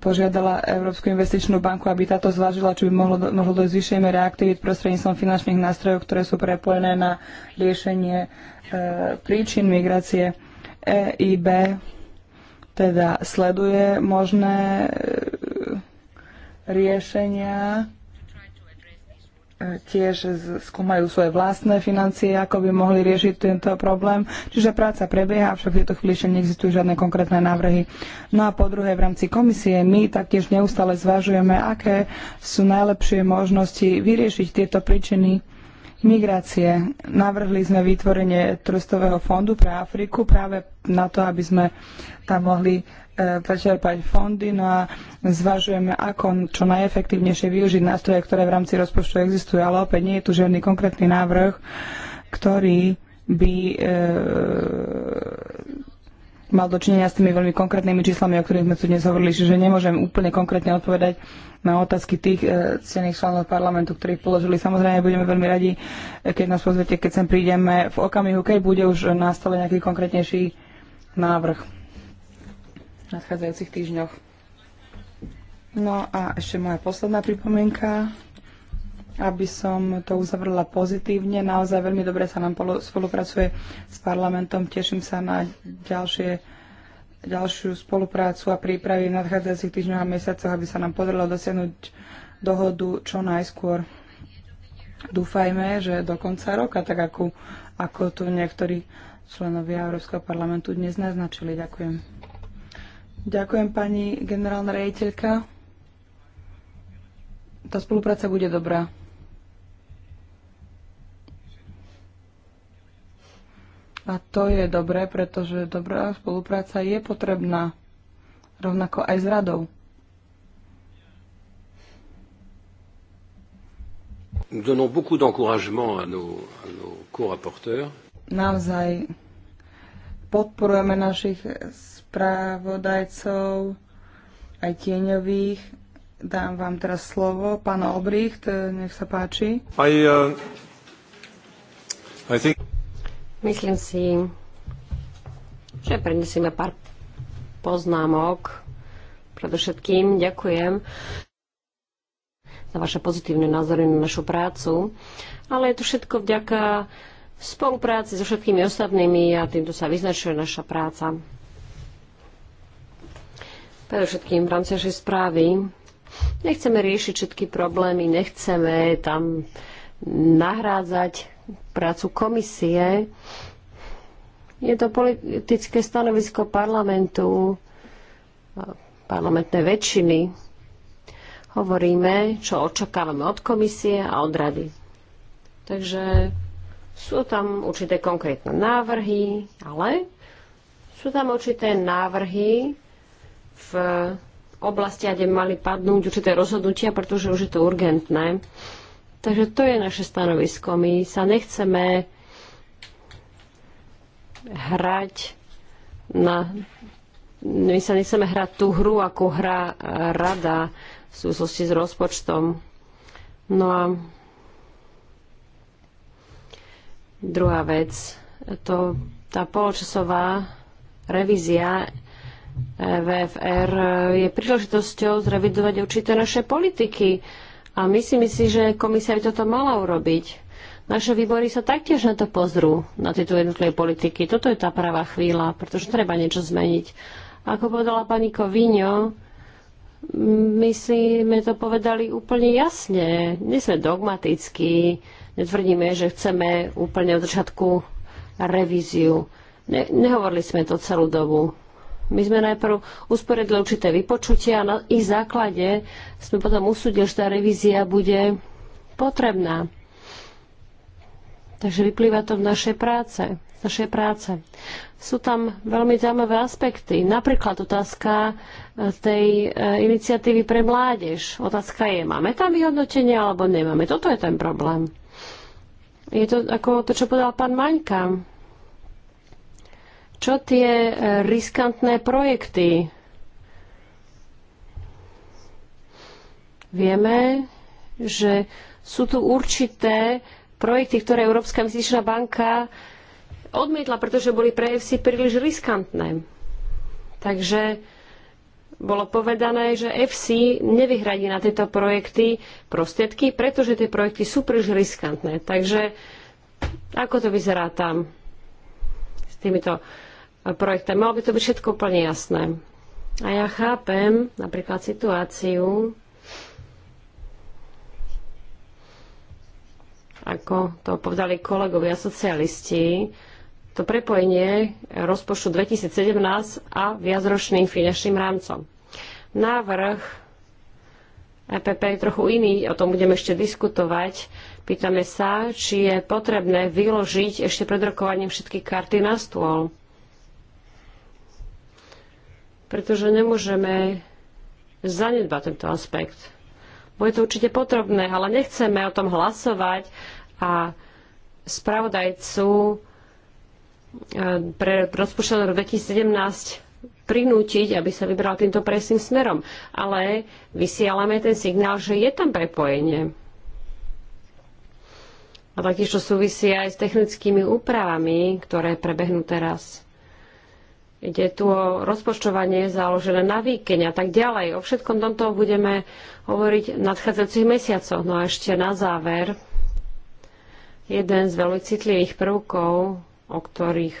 požiadala Európsku investičnú banku, aby táto zvážila, či by mohlo, mohlo dojsť vyššej reaktivit prostredníctvom finančných nástrojov, ktoré sú prepojené na riešenie e, príčin migrácie. EIB teda sleduje možné e, riešenia tiež skúmajú svoje vlastné financie, ako by mohli riešiť tento problém. Čiže práca prebieha, avšak v tejto chvíli ešte neexistujú žiadne konkrétne návrhy. No a po druhé, v rámci komisie my taktiež neustále zvažujeme, aké sú najlepšie možnosti vyriešiť tieto príčiny migrácie. Navrhli sme vytvorenie trustového fondu pre Afriku práve na to, aby sme tam mohli prečerpať fondy, no a zvažujeme, ako čo najefektívnejšie využiť nástroje, ktoré v rámci rozpočtu existujú, ale opäť nie je tu žiadny konkrétny návrh, ktorý by e, mal dočinenia s tými veľmi konkrétnymi číslami, o ktorých sme tu dnes hovorili, čiže nemôžem úplne konkrétne odpovedať na otázky tých e, cených členov parlamentu, ktorých položili. Samozrejme, budeme veľmi radi, keď nás pozviete, keď sem prídeme v okamihu, keď bude už na stole nejaký konkrétnejší návrh v nadchádzajúcich týždňoch. No a ešte moja posledná pripomienka, aby som to uzavrela pozitívne. Naozaj veľmi dobre sa nám spolupracuje s parlamentom. Teším sa na ďalšie, ďalšiu spoluprácu a prípravy v nadchádzajúcich týždňoch a mesiacoch, aby sa nám podarilo dosiahnuť dohodu čo najskôr. Dúfajme, že do konca roka, tak ako, ako tu niektorí členovia Európskeho parlamentu dnes naznačili. Ďakujem. Ďakujem pani generálna rejiteľka. Tá spolupráca bude dobrá. A to je dobré, pretože dobrá spolupráca je potrebná, rovnako aj s radou. Nous donnons beaucoup d'encouragement à nos, à nos co-rapporteurs. Naozaj podporujeme našich správodajcov, aj tieňových. Dám vám teraz slovo. Pán Obricht, nech sa páči. I, uh, I think... Myslím si, že prenesieme pár poznámok. Predovšetkým ďakujem za vaše pozitívne názory na našu prácu. Ale je to všetko vďaka spolupráci so všetkými ostatnými a týmto sa vyznačuje naša práca. Predovšetkým v rámci našej správy nechceme riešiť všetky problémy, nechceme tam nahrádzať prácu komisie. Je to politické stanovisko parlamentu, parlamentnej väčšiny. Hovoríme, čo očakávame od komisie a od rady. Takže sú tam určité konkrétne návrhy, ale sú tam určité návrhy, v oblasti, kde mali padnúť určité rozhodnutia, pretože už je to urgentné. Takže to je naše stanovisko. My sa nechceme hrať na... My sa nechceme hrať tú hru, ako hra rada v súvislosti s rozpočtom. No a druhá vec, to tá poločasová revízia E VFR je príležitosťou zrevidovať určité naše politiky. A my si myslí, že komisia by toto mala urobiť. Naše výbory sa taktiež na to pozrú, na tieto jednotlivé politiky. Toto je tá pravá chvíľa, pretože treba niečo zmeniť. Ako povedala pani Kovíňo, my sme to povedali úplne jasne. Nie sme dogmatickí, netvrdíme, že chceme úplne od začiatku revíziu. Ne- nehovorili sme to celú dobu. My sme najprv usporedli určité vypočutia a na ich základe sme potom usúdili, že tá revízia bude potrebná. Takže vyplýva to v našej práce. V našej práce. Sú tam veľmi zaujímavé aspekty. Napríklad otázka eh, tej eh, iniciatívy pre mládež. Otázka je, máme tam vyhodnotenie alebo nemáme. Toto je ten problém. Je to ako to, čo povedal pán Maňka čo tie e, riskantné projekty? Vieme, že sú tu určité projekty, ktoré Európska investičná banka odmietla, pretože boli pre EFSI príliš riskantné. Takže bolo povedané, že FC nevyhradí na tieto projekty prostriedky, pretože tie projekty sú príliš riskantné. Takže ako to vyzerá tam s týmito projekta. Malo by to byť všetko úplne jasné. A ja chápem napríklad situáciu, ako to povedali kolegovia socialisti, to prepojenie rozpočtu 2017 a viacročným finančným rámcom. Návrh EPP je trochu iný, o tom budeme ešte diskutovať. Pýtame sa, či je potrebné vyložiť ešte pred rokovaním všetky karty na stôl pretože nemôžeme zanedbať tento aspekt. Bude to určite potrebné, ale nechceme o tom hlasovať a spravodajcu eh, pre rozpočet rok 2017 prinútiť, aby sa vybral týmto presným smerom. Ale vysielame ten signál, že je tam prepojenie. A taktiež to súvisí aj s technickými úpravami, ktoré prebehnú teraz. Ide tu o rozpočtovanie založené na víkeň a tak ďalej. O všetkom tomto budeme hovoriť v nadchádzajúcich mesiacoch. No a ešte na záver, jeden z veľmi citlivých prvkov, o ktorých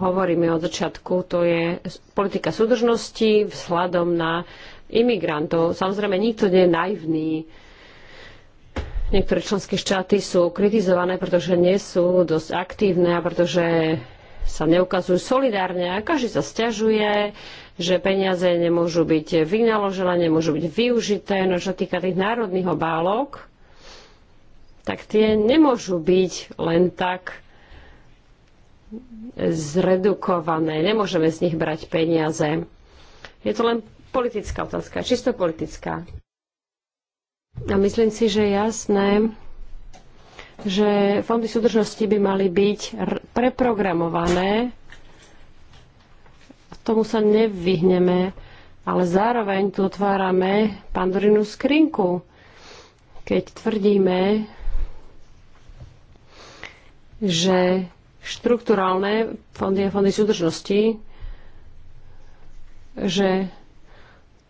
hovoríme od začiatku, to je politika súdržnosti vzhľadom na imigrantov. Samozrejme, nikto nie je naivný. Niektoré členské štáty sú kritizované, pretože nie sú dosť aktívne a pretože sa neukazujú solidárne a každý sa stiažuje, že peniaze nemôžu byť vynaložené, nemôžu byť využité. No čo týka tých národných obálok, tak tie nemôžu byť len tak zredukované. Nemôžeme z nich brať peniaze. Je to len politická otázka, čisto politická. A myslím si, že je jasné, že fondy súdržnosti by mali byť preprogramované. Tomu sa nevyhneme, ale zároveň tu otvárame pandorinu skrinku, keď tvrdíme, že štrukturálne fondy a fondy súdržnosti, že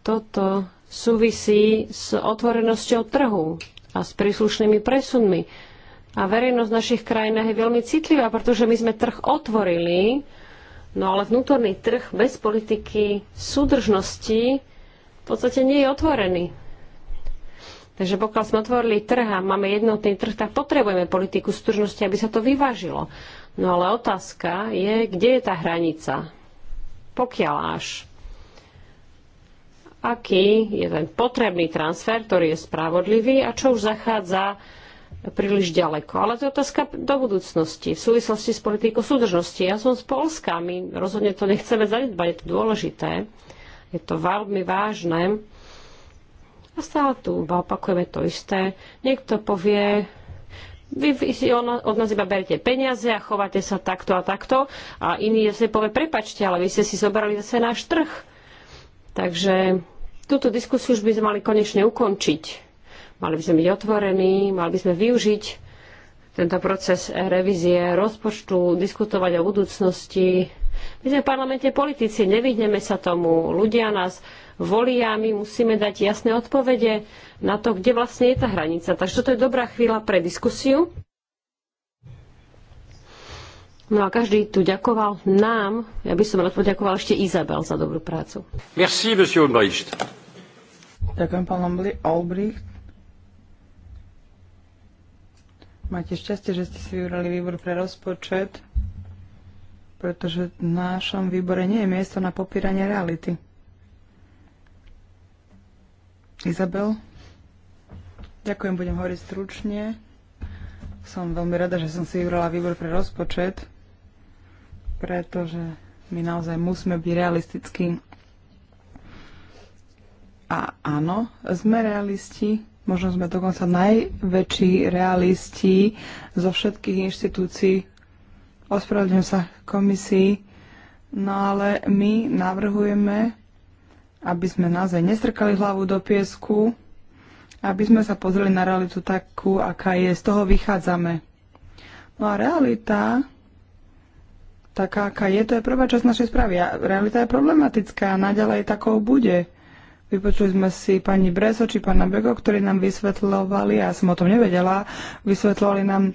toto súvisí s otvorenosťou trhu a s príslušnými presunmi. A verejnosť v našich krajinách je veľmi citlivá, pretože my sme trh otvorili, no ale vnútorný trh bez politiky súdržnosti v podstate nie je otvorený. Takže pokiaľ sme otvorili trh a máme jednotný trh, tak potrebujeme politiku súdržnosti, aby sa to vyvážilo. No ale otázka je, kde je tá hranica? Pokiaľ až. Aký je ten potrebný transfer, ktorý je spravodlivý a čo už zachádza príliš ďaleko. Ale to je otázka do budúcnosti v súvislosti s politikou súdržnosti. Ja som z Polska, my rozhodne to nechceme zanedbať, je to dôležité. Je to veľmi vážne. A stále tu opakujeme to isté. Niekto povie, vy, vy si od nás iba berete peniaze a chovate sa takto a takto a iný si povie, prepačte, ale vy ste si zobrali zase náš trh. Takže túto diskusiu už by sme mali konečne ukončiť Mali by sme byť otvorení, mali by sme využiť tento proces revízie rozpočtu, diskutovať o budúcnosti. My sme v parlamente politici, nevyhneme sa tomu. Ľudia nás volia, my musíme dať jasné odpovede na to, kde vlastne je tá hranica. Takže toto je dobrá chvíľa pre diskusiu. No a každý tu ďakoval nám. Ja by som rád poďakoval ešte Izabel za dobrú prácu. Merci, monsieur Ďakujem, pán Albrecht. Máte šťastie, že ste si vybrali výbor pre rozpočet, pretože v našom výbore nie je miesto na popíranie reality. Izabel? Ďakujem, budem hovoriť stručne. Som veľmi rada, že som si vybrala výbor pre rozpočet, pretože my naozaj musíme byť realistickí. A áno, sme realisti, Možno sme dokonca najväčší realisti zo všetkých inštitúcií. Ospravedlňujem sa komisii, no ale my navrhujeme, aby sme naozaj nestrkali hlavu do piesku, aby sme sa pozreli na realitu takú, aká je. Z toho vychádzame. No a realita, taká, aká je, to je prvá časť našej správy. A realita je problematická a naďalej takou bude. Vypočuli sme si pani Breso či pána Bego, ktorí nám vysvetľovali, ja som o tom nevedela, vysvetľovali nám e,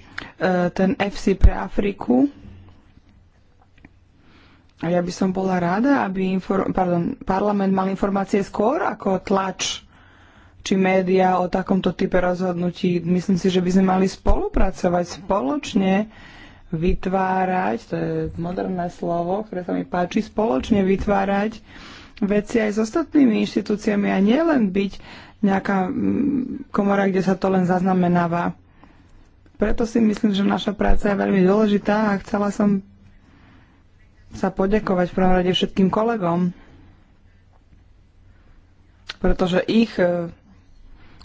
ten FC pre Afriku. A ja by som bola rada, aby pardon, parlament mal informácie skôr ako tlač či média o takomto type rozhodnutí. Myslím si, že by sme mali spolupracovať spoločne, vytvárať, to je moderné slovo, ktoré sa mi páči, spoločne vytvárať veci aj s ostatnými inštitúciami a nielen byť nejaká mm, komora, kde sa to len zaznamenáva. Preto si myslím, že naša práca je veľmi dôležitá a chcela som sa poďakovať v prvom rade všetkým kolegom, pretože ich e,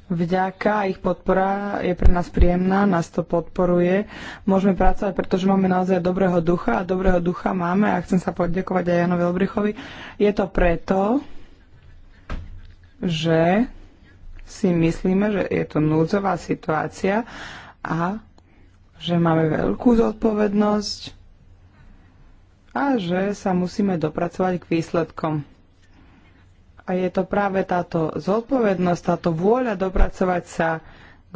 vďaka, ich podpora je pre nás príjemná, nás to podporuje. Môžeme pracovať, pretože máme naozaj dobrého ducha a dobrého ducha máme a chcem sa poďakovať aj Janovi Olbrichovi. Je to preto, že si myslíme, že je to núdzová situácia a že máme veľkú zodpovednosť a že sa musíme dopracovať k výsledkom. A je to práve táto zodpovednosť, táto vôľa dopracovať sa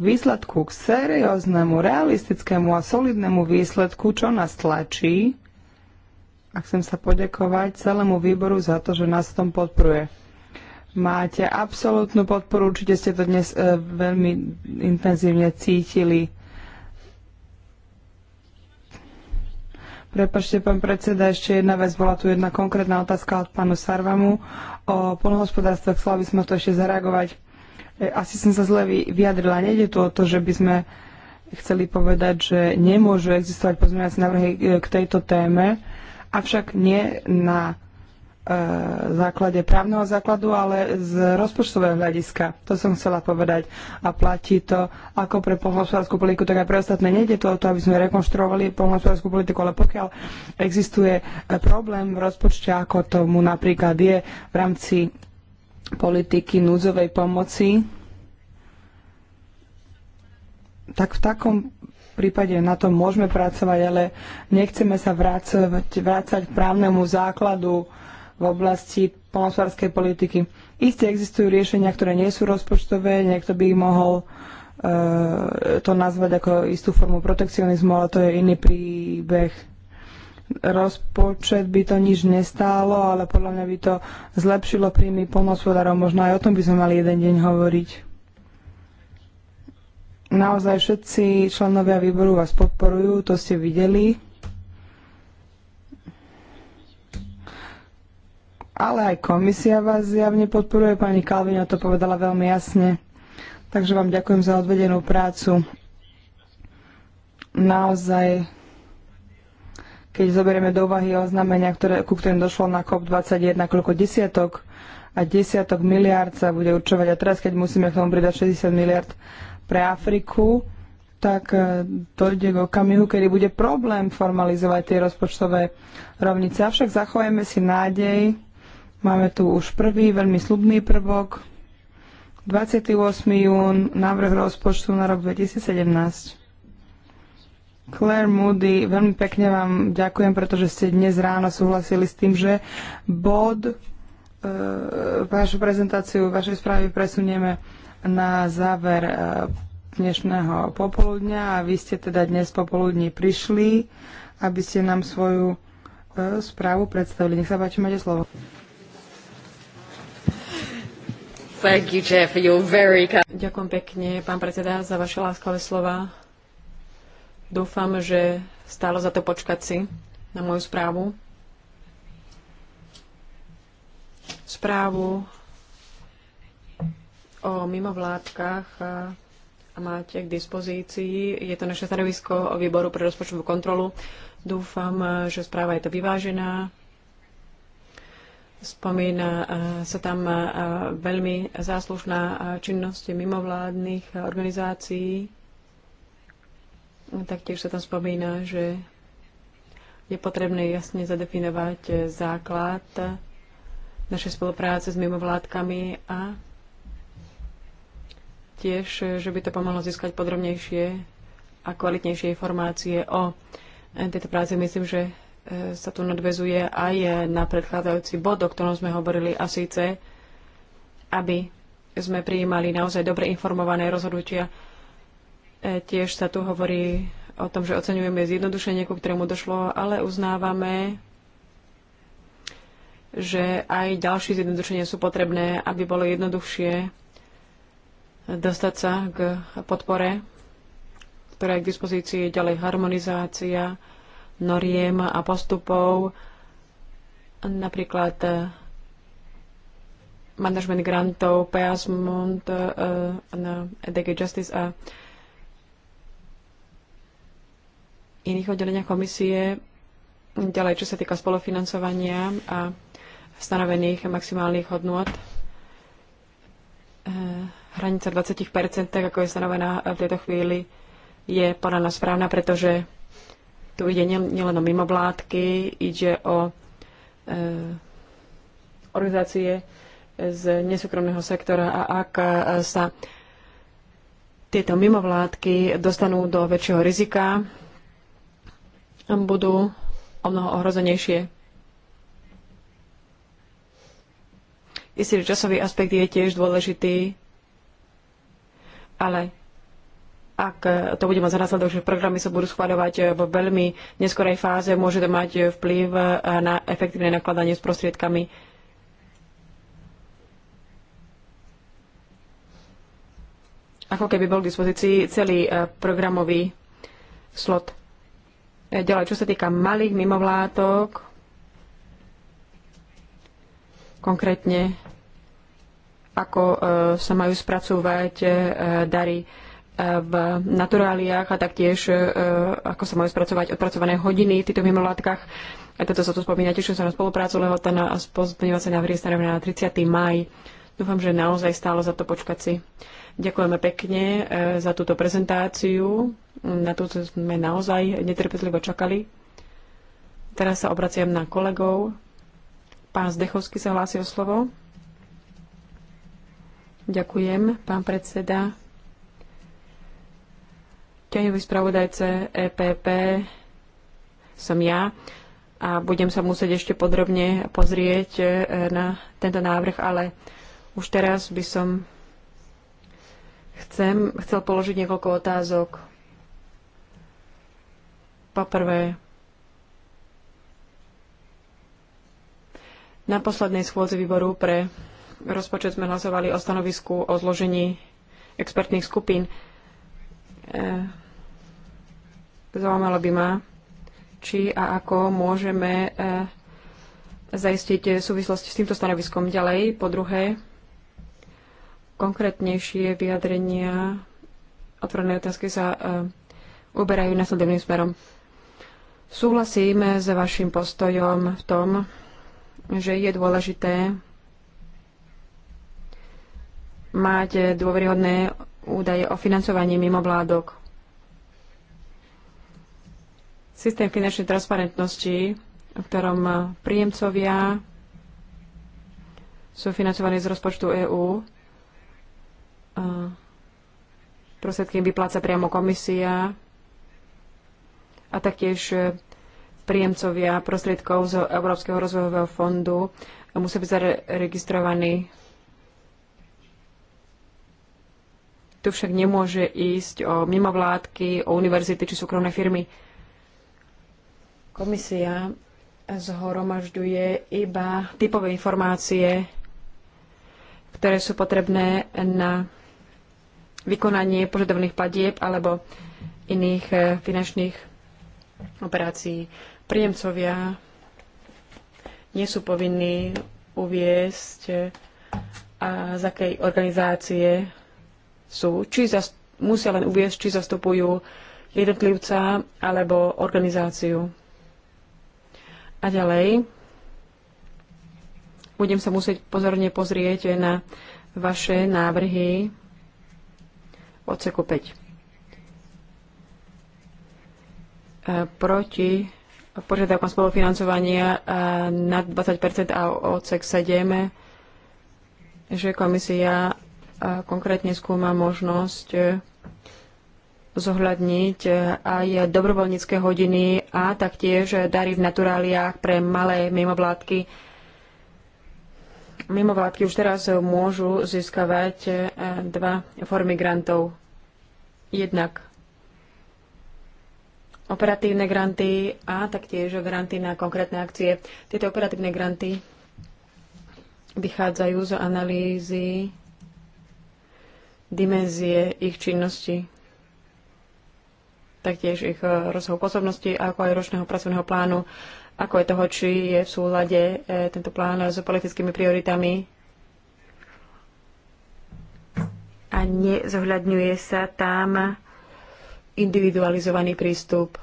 k výsledku, k serióznemu, realistickému a solidnému výsledku, čo nás tlačí. A chcem sa poďakovať celému výboru za to, že nás v tom podporuje. Máte absolútnu podporu, určite ste to dnes e, veľmi intenzívne cítili. Prepačte, pán predseda, ešte jedna vec. Bola tu jedna konkrétna otázka od pánu Sarvamu o polnohospodárstve. Chcela by sme to ešte zareagovať. E, asi som sa zle vyjadrila. Nejde tu o to, že by sme chceli povedať, že nemôžu existovať pozmeňovacie návrhy e, k tejto téme, avšak nie na E, základe právneho základu, ale z rozpočtového hľadiska. To som chcela povedať. A platí to ako pre poľnohospodárskú politiku, tak aj pre ostatné. Nejde to o to, aby sme rekonštruovali poľnohospodárskú politiku, ale pokiaľ existuje e, problém v rozpočte, ako tomu napríklad je v rámci politiky núdzovej pomoci, tak v takom prípade na tom môžeme pracovať, ale nechceme sa vrácať, vrácať právnemu základu uh, v oblasti polnospodárskej politiky. Isté existujú riešenia, ktoré nie sú rozpočtové, niekto by ich mohol e, to nazvať ako istú formu protekcionizmu, ale to je iný príbeh. Rozpočet by to nič nestálo, ale podľa mňa by to zlepšilo príjmy polnospodárov. Možno aj o tom by sme mali jeden deň hovoriť. Naozaj všetci členovia výboru vás podporujú, to ste videli ale aj komisia vás zjavne podporuje. Pani Kalvina to povedala veľmi jasne. Takže vám ďakujem za odvedenú prácu. Naozaj, keď zoberieme do úvahy oznámenia, ktoré, ku ktorým došlo na COP21, koľko desiatok a desiatok miliard sa bude určovať. A teraz, keď musíme k tomu pridať 60 miliard pre Afriku, tak e, dojde k okamihu, kedy bude problém formalizovať tie rozpočtové rovnice. Avšak zachovajme si nádej, Máme tu už prvý veľmi slubný prvok. 28. jún, návrh rozpočtu na rok 2017. Claire Moody, veľmi pekne vám ďakujem, pretože ste dnes ráno súhlasili s tým, že bod e, vašu prezentáciu, vašej správy presunieme na záver e, dnešného popoludňa a vy ste teda dnes popoludní prišli, aby ste nám svoju e, správu predstavili. Nech sa páči, máte slovo. Thank you, Chair, for your very... Ďakujem pekne, pán predseda, za vaše láskavé slova. Dúfam, že stálo za to počkať si na moju správu. Správu o mimovládkach a máte k dispozícii. Je to naše stanovisko o výboru pre rozpočtovú kontrolu. Dúfam, že správa je to vyvážená Spomína sa tam veľmi záslušná činnosť mimovládnych organizácií. Taktiež sa tam spomína, že je potrebné jasne zadefinovať základ našej spolupráce s mimovládkami a tiež, že by to pomohlo získať podrobnejšie a kvalitnejšie informácie o e, tejto práci. Myslím, že E, sa tu nadvezuje aj na predchádzajúci bod, o ktorom sme hovorili, a síce, aby sme prijímali naozaj dobre informované rozhodnutia. E, tiež sa tu hovorí o tom, že oceňujeme zjednodušenie, ku ktorému došlo, ale uznávame, že aj ďalšie zjednodušenia sú potrebné, aby bolo jednoduchšie dostať sa k podpore, ktorá je k dispozícii ďalej harmonizácia noriem a postupov, napríklad eh, management grantov, Peasmont, EDG eh, DG Justice a iných oddeleniach komisie. Ďalej, čo sa týka spolufinancovania a stanovených maximálnych hodnôt, eh, hranica 20%, tak ako je stanovená v tejto chvíli, je podľa nás správna, pretože tu ide nielen o mimovládky, ide o e, organizácie z nesúkromného sektora a ak e, sa tieto mimovládky dostanú do väčšieho rizika, budú o mnoho ohrozenejšie. Istý časový aspekt je tiež dôležitý, ale ak to bude mať za následok, že programy sa budú schváľovať vo veľmi neskorej fáze, môže to mať vplyv na efektívne nakladanie s prostriedkami. Ako keby bol k dispozícii celý e, programový slot. E, ďalej, čo sa týka malých mimovlátok, konkrétne ako e, sa majú spracúvať dary v naturáliách a taktiež, e, ako sa majú spracovať odpracované hodiny v týchto mimolátkach. A toto sa tu spomína, teším sa na spoluprácu a na sa na stanovené na 30. maj. Dúfam, že naozaj stálo za to počkať si. Ďakujeme pekne e, za túto prezentáciu. Na túto sme naozaj netrpezlivo čakali. Teraz sa obraciam na kolegov. Pán Zdechovský sa hlási o slovo. Ďakujem, pán predseda. Tejový spravodajce EPP som ja a budem sa musieť ešte podrobne pozrieť e, na tento návrh, ale už teraz by som chcem, chcel položiť niekoľko otázok. Poprvé, na poslednej schôdzi výboru pre rozpočet sme hlasovali o stanovisku o zložení expertných skupín. E Zaujímalo by ma, či a ako môžeme e, zaistiť súvislosti s týmto stanoviskom ďalej. Po druhé, konkrétnejšie vyjadrenia otvorené otázky sa e, uberajú nasledovným smerom. Súhlasím s vašim postojom v tom, že je dôležité mať dôveryhodné údaje o financovaní mimovládok. Systém finančnej transparentnosti, v ktorom príjemcovia sú financovaní z rozpočtu EÚ, prostriedky vypláca priamo komisia a taktiež príjemcovia prostriedkov z Európskeho rozvojového fondu musia byť zaregistrovaní. Tu však nemôže ísť o mimovládky, o univerzity či súkromné firmy. Komisia zhromažďuje iba typové informácie, ktoré sú potrebné na vykonanie požadovných padieb alebo iných eh, finančných operácií. Príjemcovia nie sú povinní uviesť, eh, a z akej organizácie sú. Či zas, musia len uviesť, či zastupujú jednotlivca alebo organizáciu. A ďalej budem sa musieť pozorne pozrieť na vaše návrhy v odseku 5. E, proti požiadavkám spolufinancovania e, na 20 a odsek 7, že komisia e, konkrétne skúma možnosť zohľadniť eh, aj dobrovoľnícke hodiny a taktiež dary v naturáliách pre malé mimovládky. Mimovládky už teraz môžu získavať eh, dva formy grantov. Jednak operatívne granty a taktiež granty na konkrétne akcie. Tieto operatívne granty vychádzajú z analýzy dimenzie ich činnosti taktiež ich e, rozhov pôsobnosti, ako aj ročného pracovného plánu, ako je toho, či je v súlade e, tento plán s politickými prioritami a nezohľadňuje sa tam individualizovaný prístup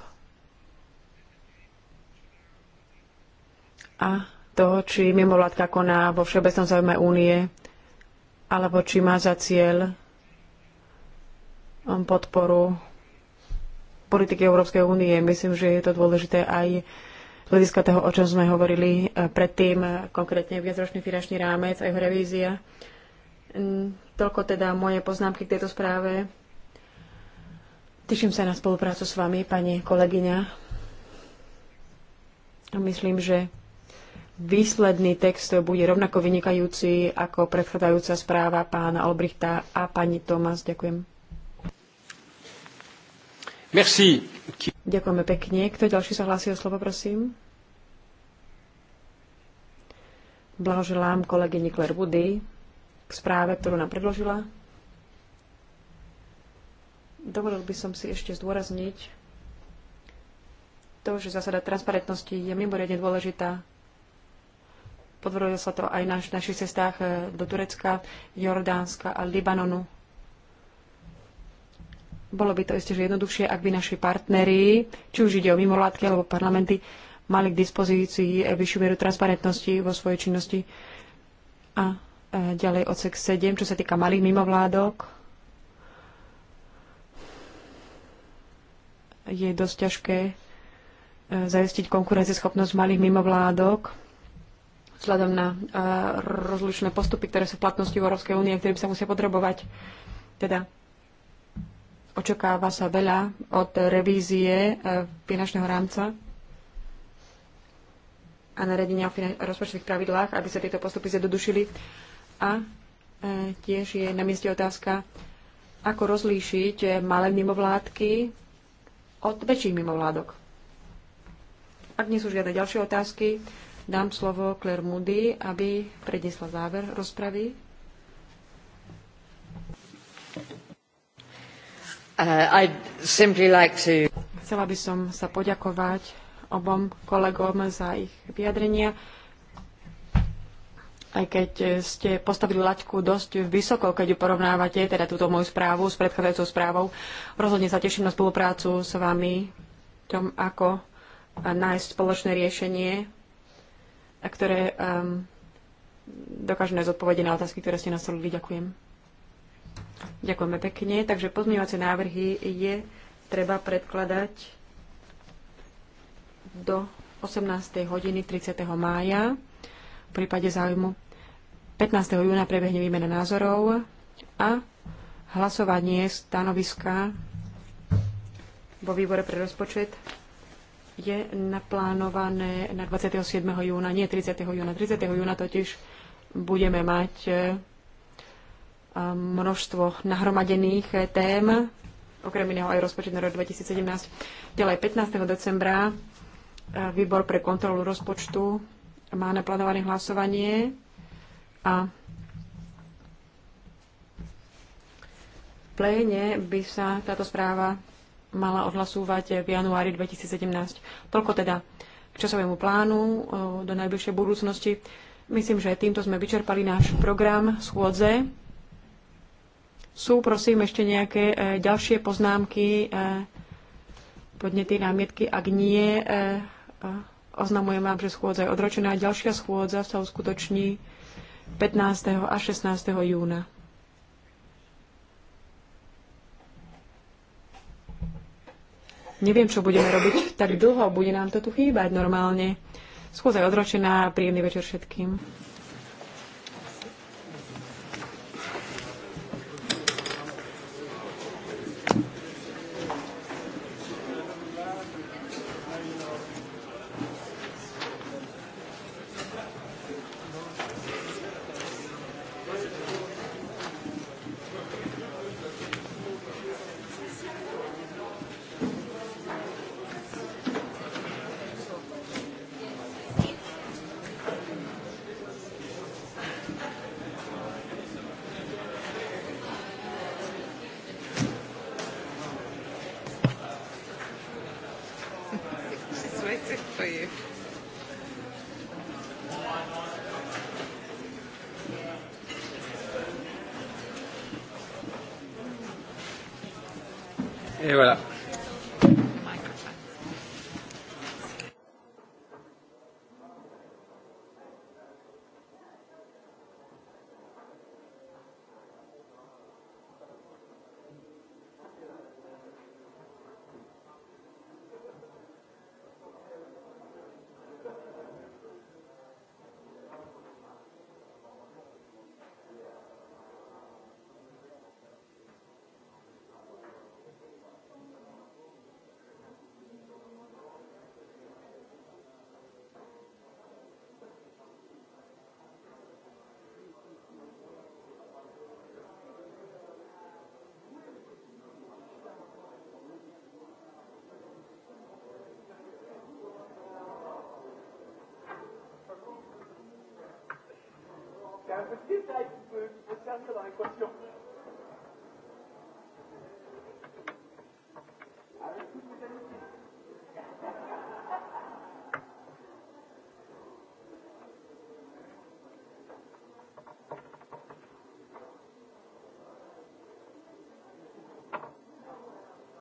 a to, či mimovládka koná vo všeobecnom záujme únie alebo či má za cieľ um, podporu politiky Európskej únie. Myslím, že je to dôležité aj z hľadiska toho, o čom sme hovorili eh, predtým, eh, konkrétne viacročný finančný rámec a jeho revízia. Mm, toľko teda moje poznámky k tejto správe. Teším sa na spoluprácu s vami, pani kolegyňa. Myslím, že výsledný text bude rovnako vynikajúci ako predchádzajúca správa pána Albrichta a pani Tomas. Ďakujem. Merci. Ďakujeme pekne. Kto ďalší sa hlási o slovo, prosím? Blahoželám kolegyni Claire Woody k správe, ktorú nám predložila. Dovolil by som si ešte zdôrazniť to, že zásada transparentnosti je mimoriadne dôležitá. Podvorilo sa to aj na našich cestách eh, do Turecka, Jordánska a Libanonu. Bolo by to ešte že jednoduchšie, ak by naši partneri, či už ide o mimovládky alebo parlamenty, mali k dispozícii eh, vyššiu mieru transparentnosti vo svojej činnosti. A eh, ďalej odsek 7, čo sa týka malých mimovládok. Je dosť ťažké eh, zajistiť konkurencieschopnosť malých mimovládok vzhľadom na rozličné postupy, ktoré sú v platnosti v Európskej únie, ktoré by sa musia potrebovať. Teda Očakáva sa veľa od revízie e, finančného rámca a naredenia o rozpočtových pravidlách, aby sa tieto postupy zjednodušili. A e, tiež je na mieste otázka, ako rozlíšiť e, malé mimovládky od väčších mimovládok. Ak nie sú žiadne ďalšie otázky, dám slovo Claire Moody, aby predniesla záver rozpravy. Uh, Chcela by som sa poďakovať obom kolegom za ich vyjadrenia. Aj keď ste postavili laťku dosť vysoko, keď ju porovnávate, teda túto moju správu s predchádzajúcou správou, rozhodne sa teším na spoluprácu s vami v tom, ako nájsť spoločné riešenie, ktoré um, dokáže nájsť odpovede na otázky, ktoré ste nastavili. Ďakujem. Ďakujeme pekne. Takže pozmeňovacie návrhy je treba predkladať do 18. hodiny 30. mája v prípade záujmu 15. júna prebehne výmena názorov a hlasovanie stanoviska vo výbore pre rozpočet je naplánované na 27. júna, nie 30. júna. 30. júna totiž budeme mať množstvo nahromadených tém, okrem iného aj rozpočet na rok 2017. Ďalej 15. decembra e, výbor pre kontrolu rozpočtu má naplánované hlasovanie a v pléne by sa táto správa mala odhlasúvať v januári 2017. Toľko teda k časovému plánu e, do najbližšej budúcnosti. Myslím, že týmto sme vyčerpali náš program schôdze. Sú, prosím, ešte nejaké e, ďalšie poznámky, e, podnety, námietky? Ak nie, e, oznamujem vám, že schôdza je odročená. Ďalšia schôdza sa uskutoční 15. a 16. júna. Neviem, čo budeme robiť tak dlho, bude nám to tu chýbať normálne. Schôdza je odročená, príjemný večer všetkým. Euh, est-ce que ça, peut servir dans l'équation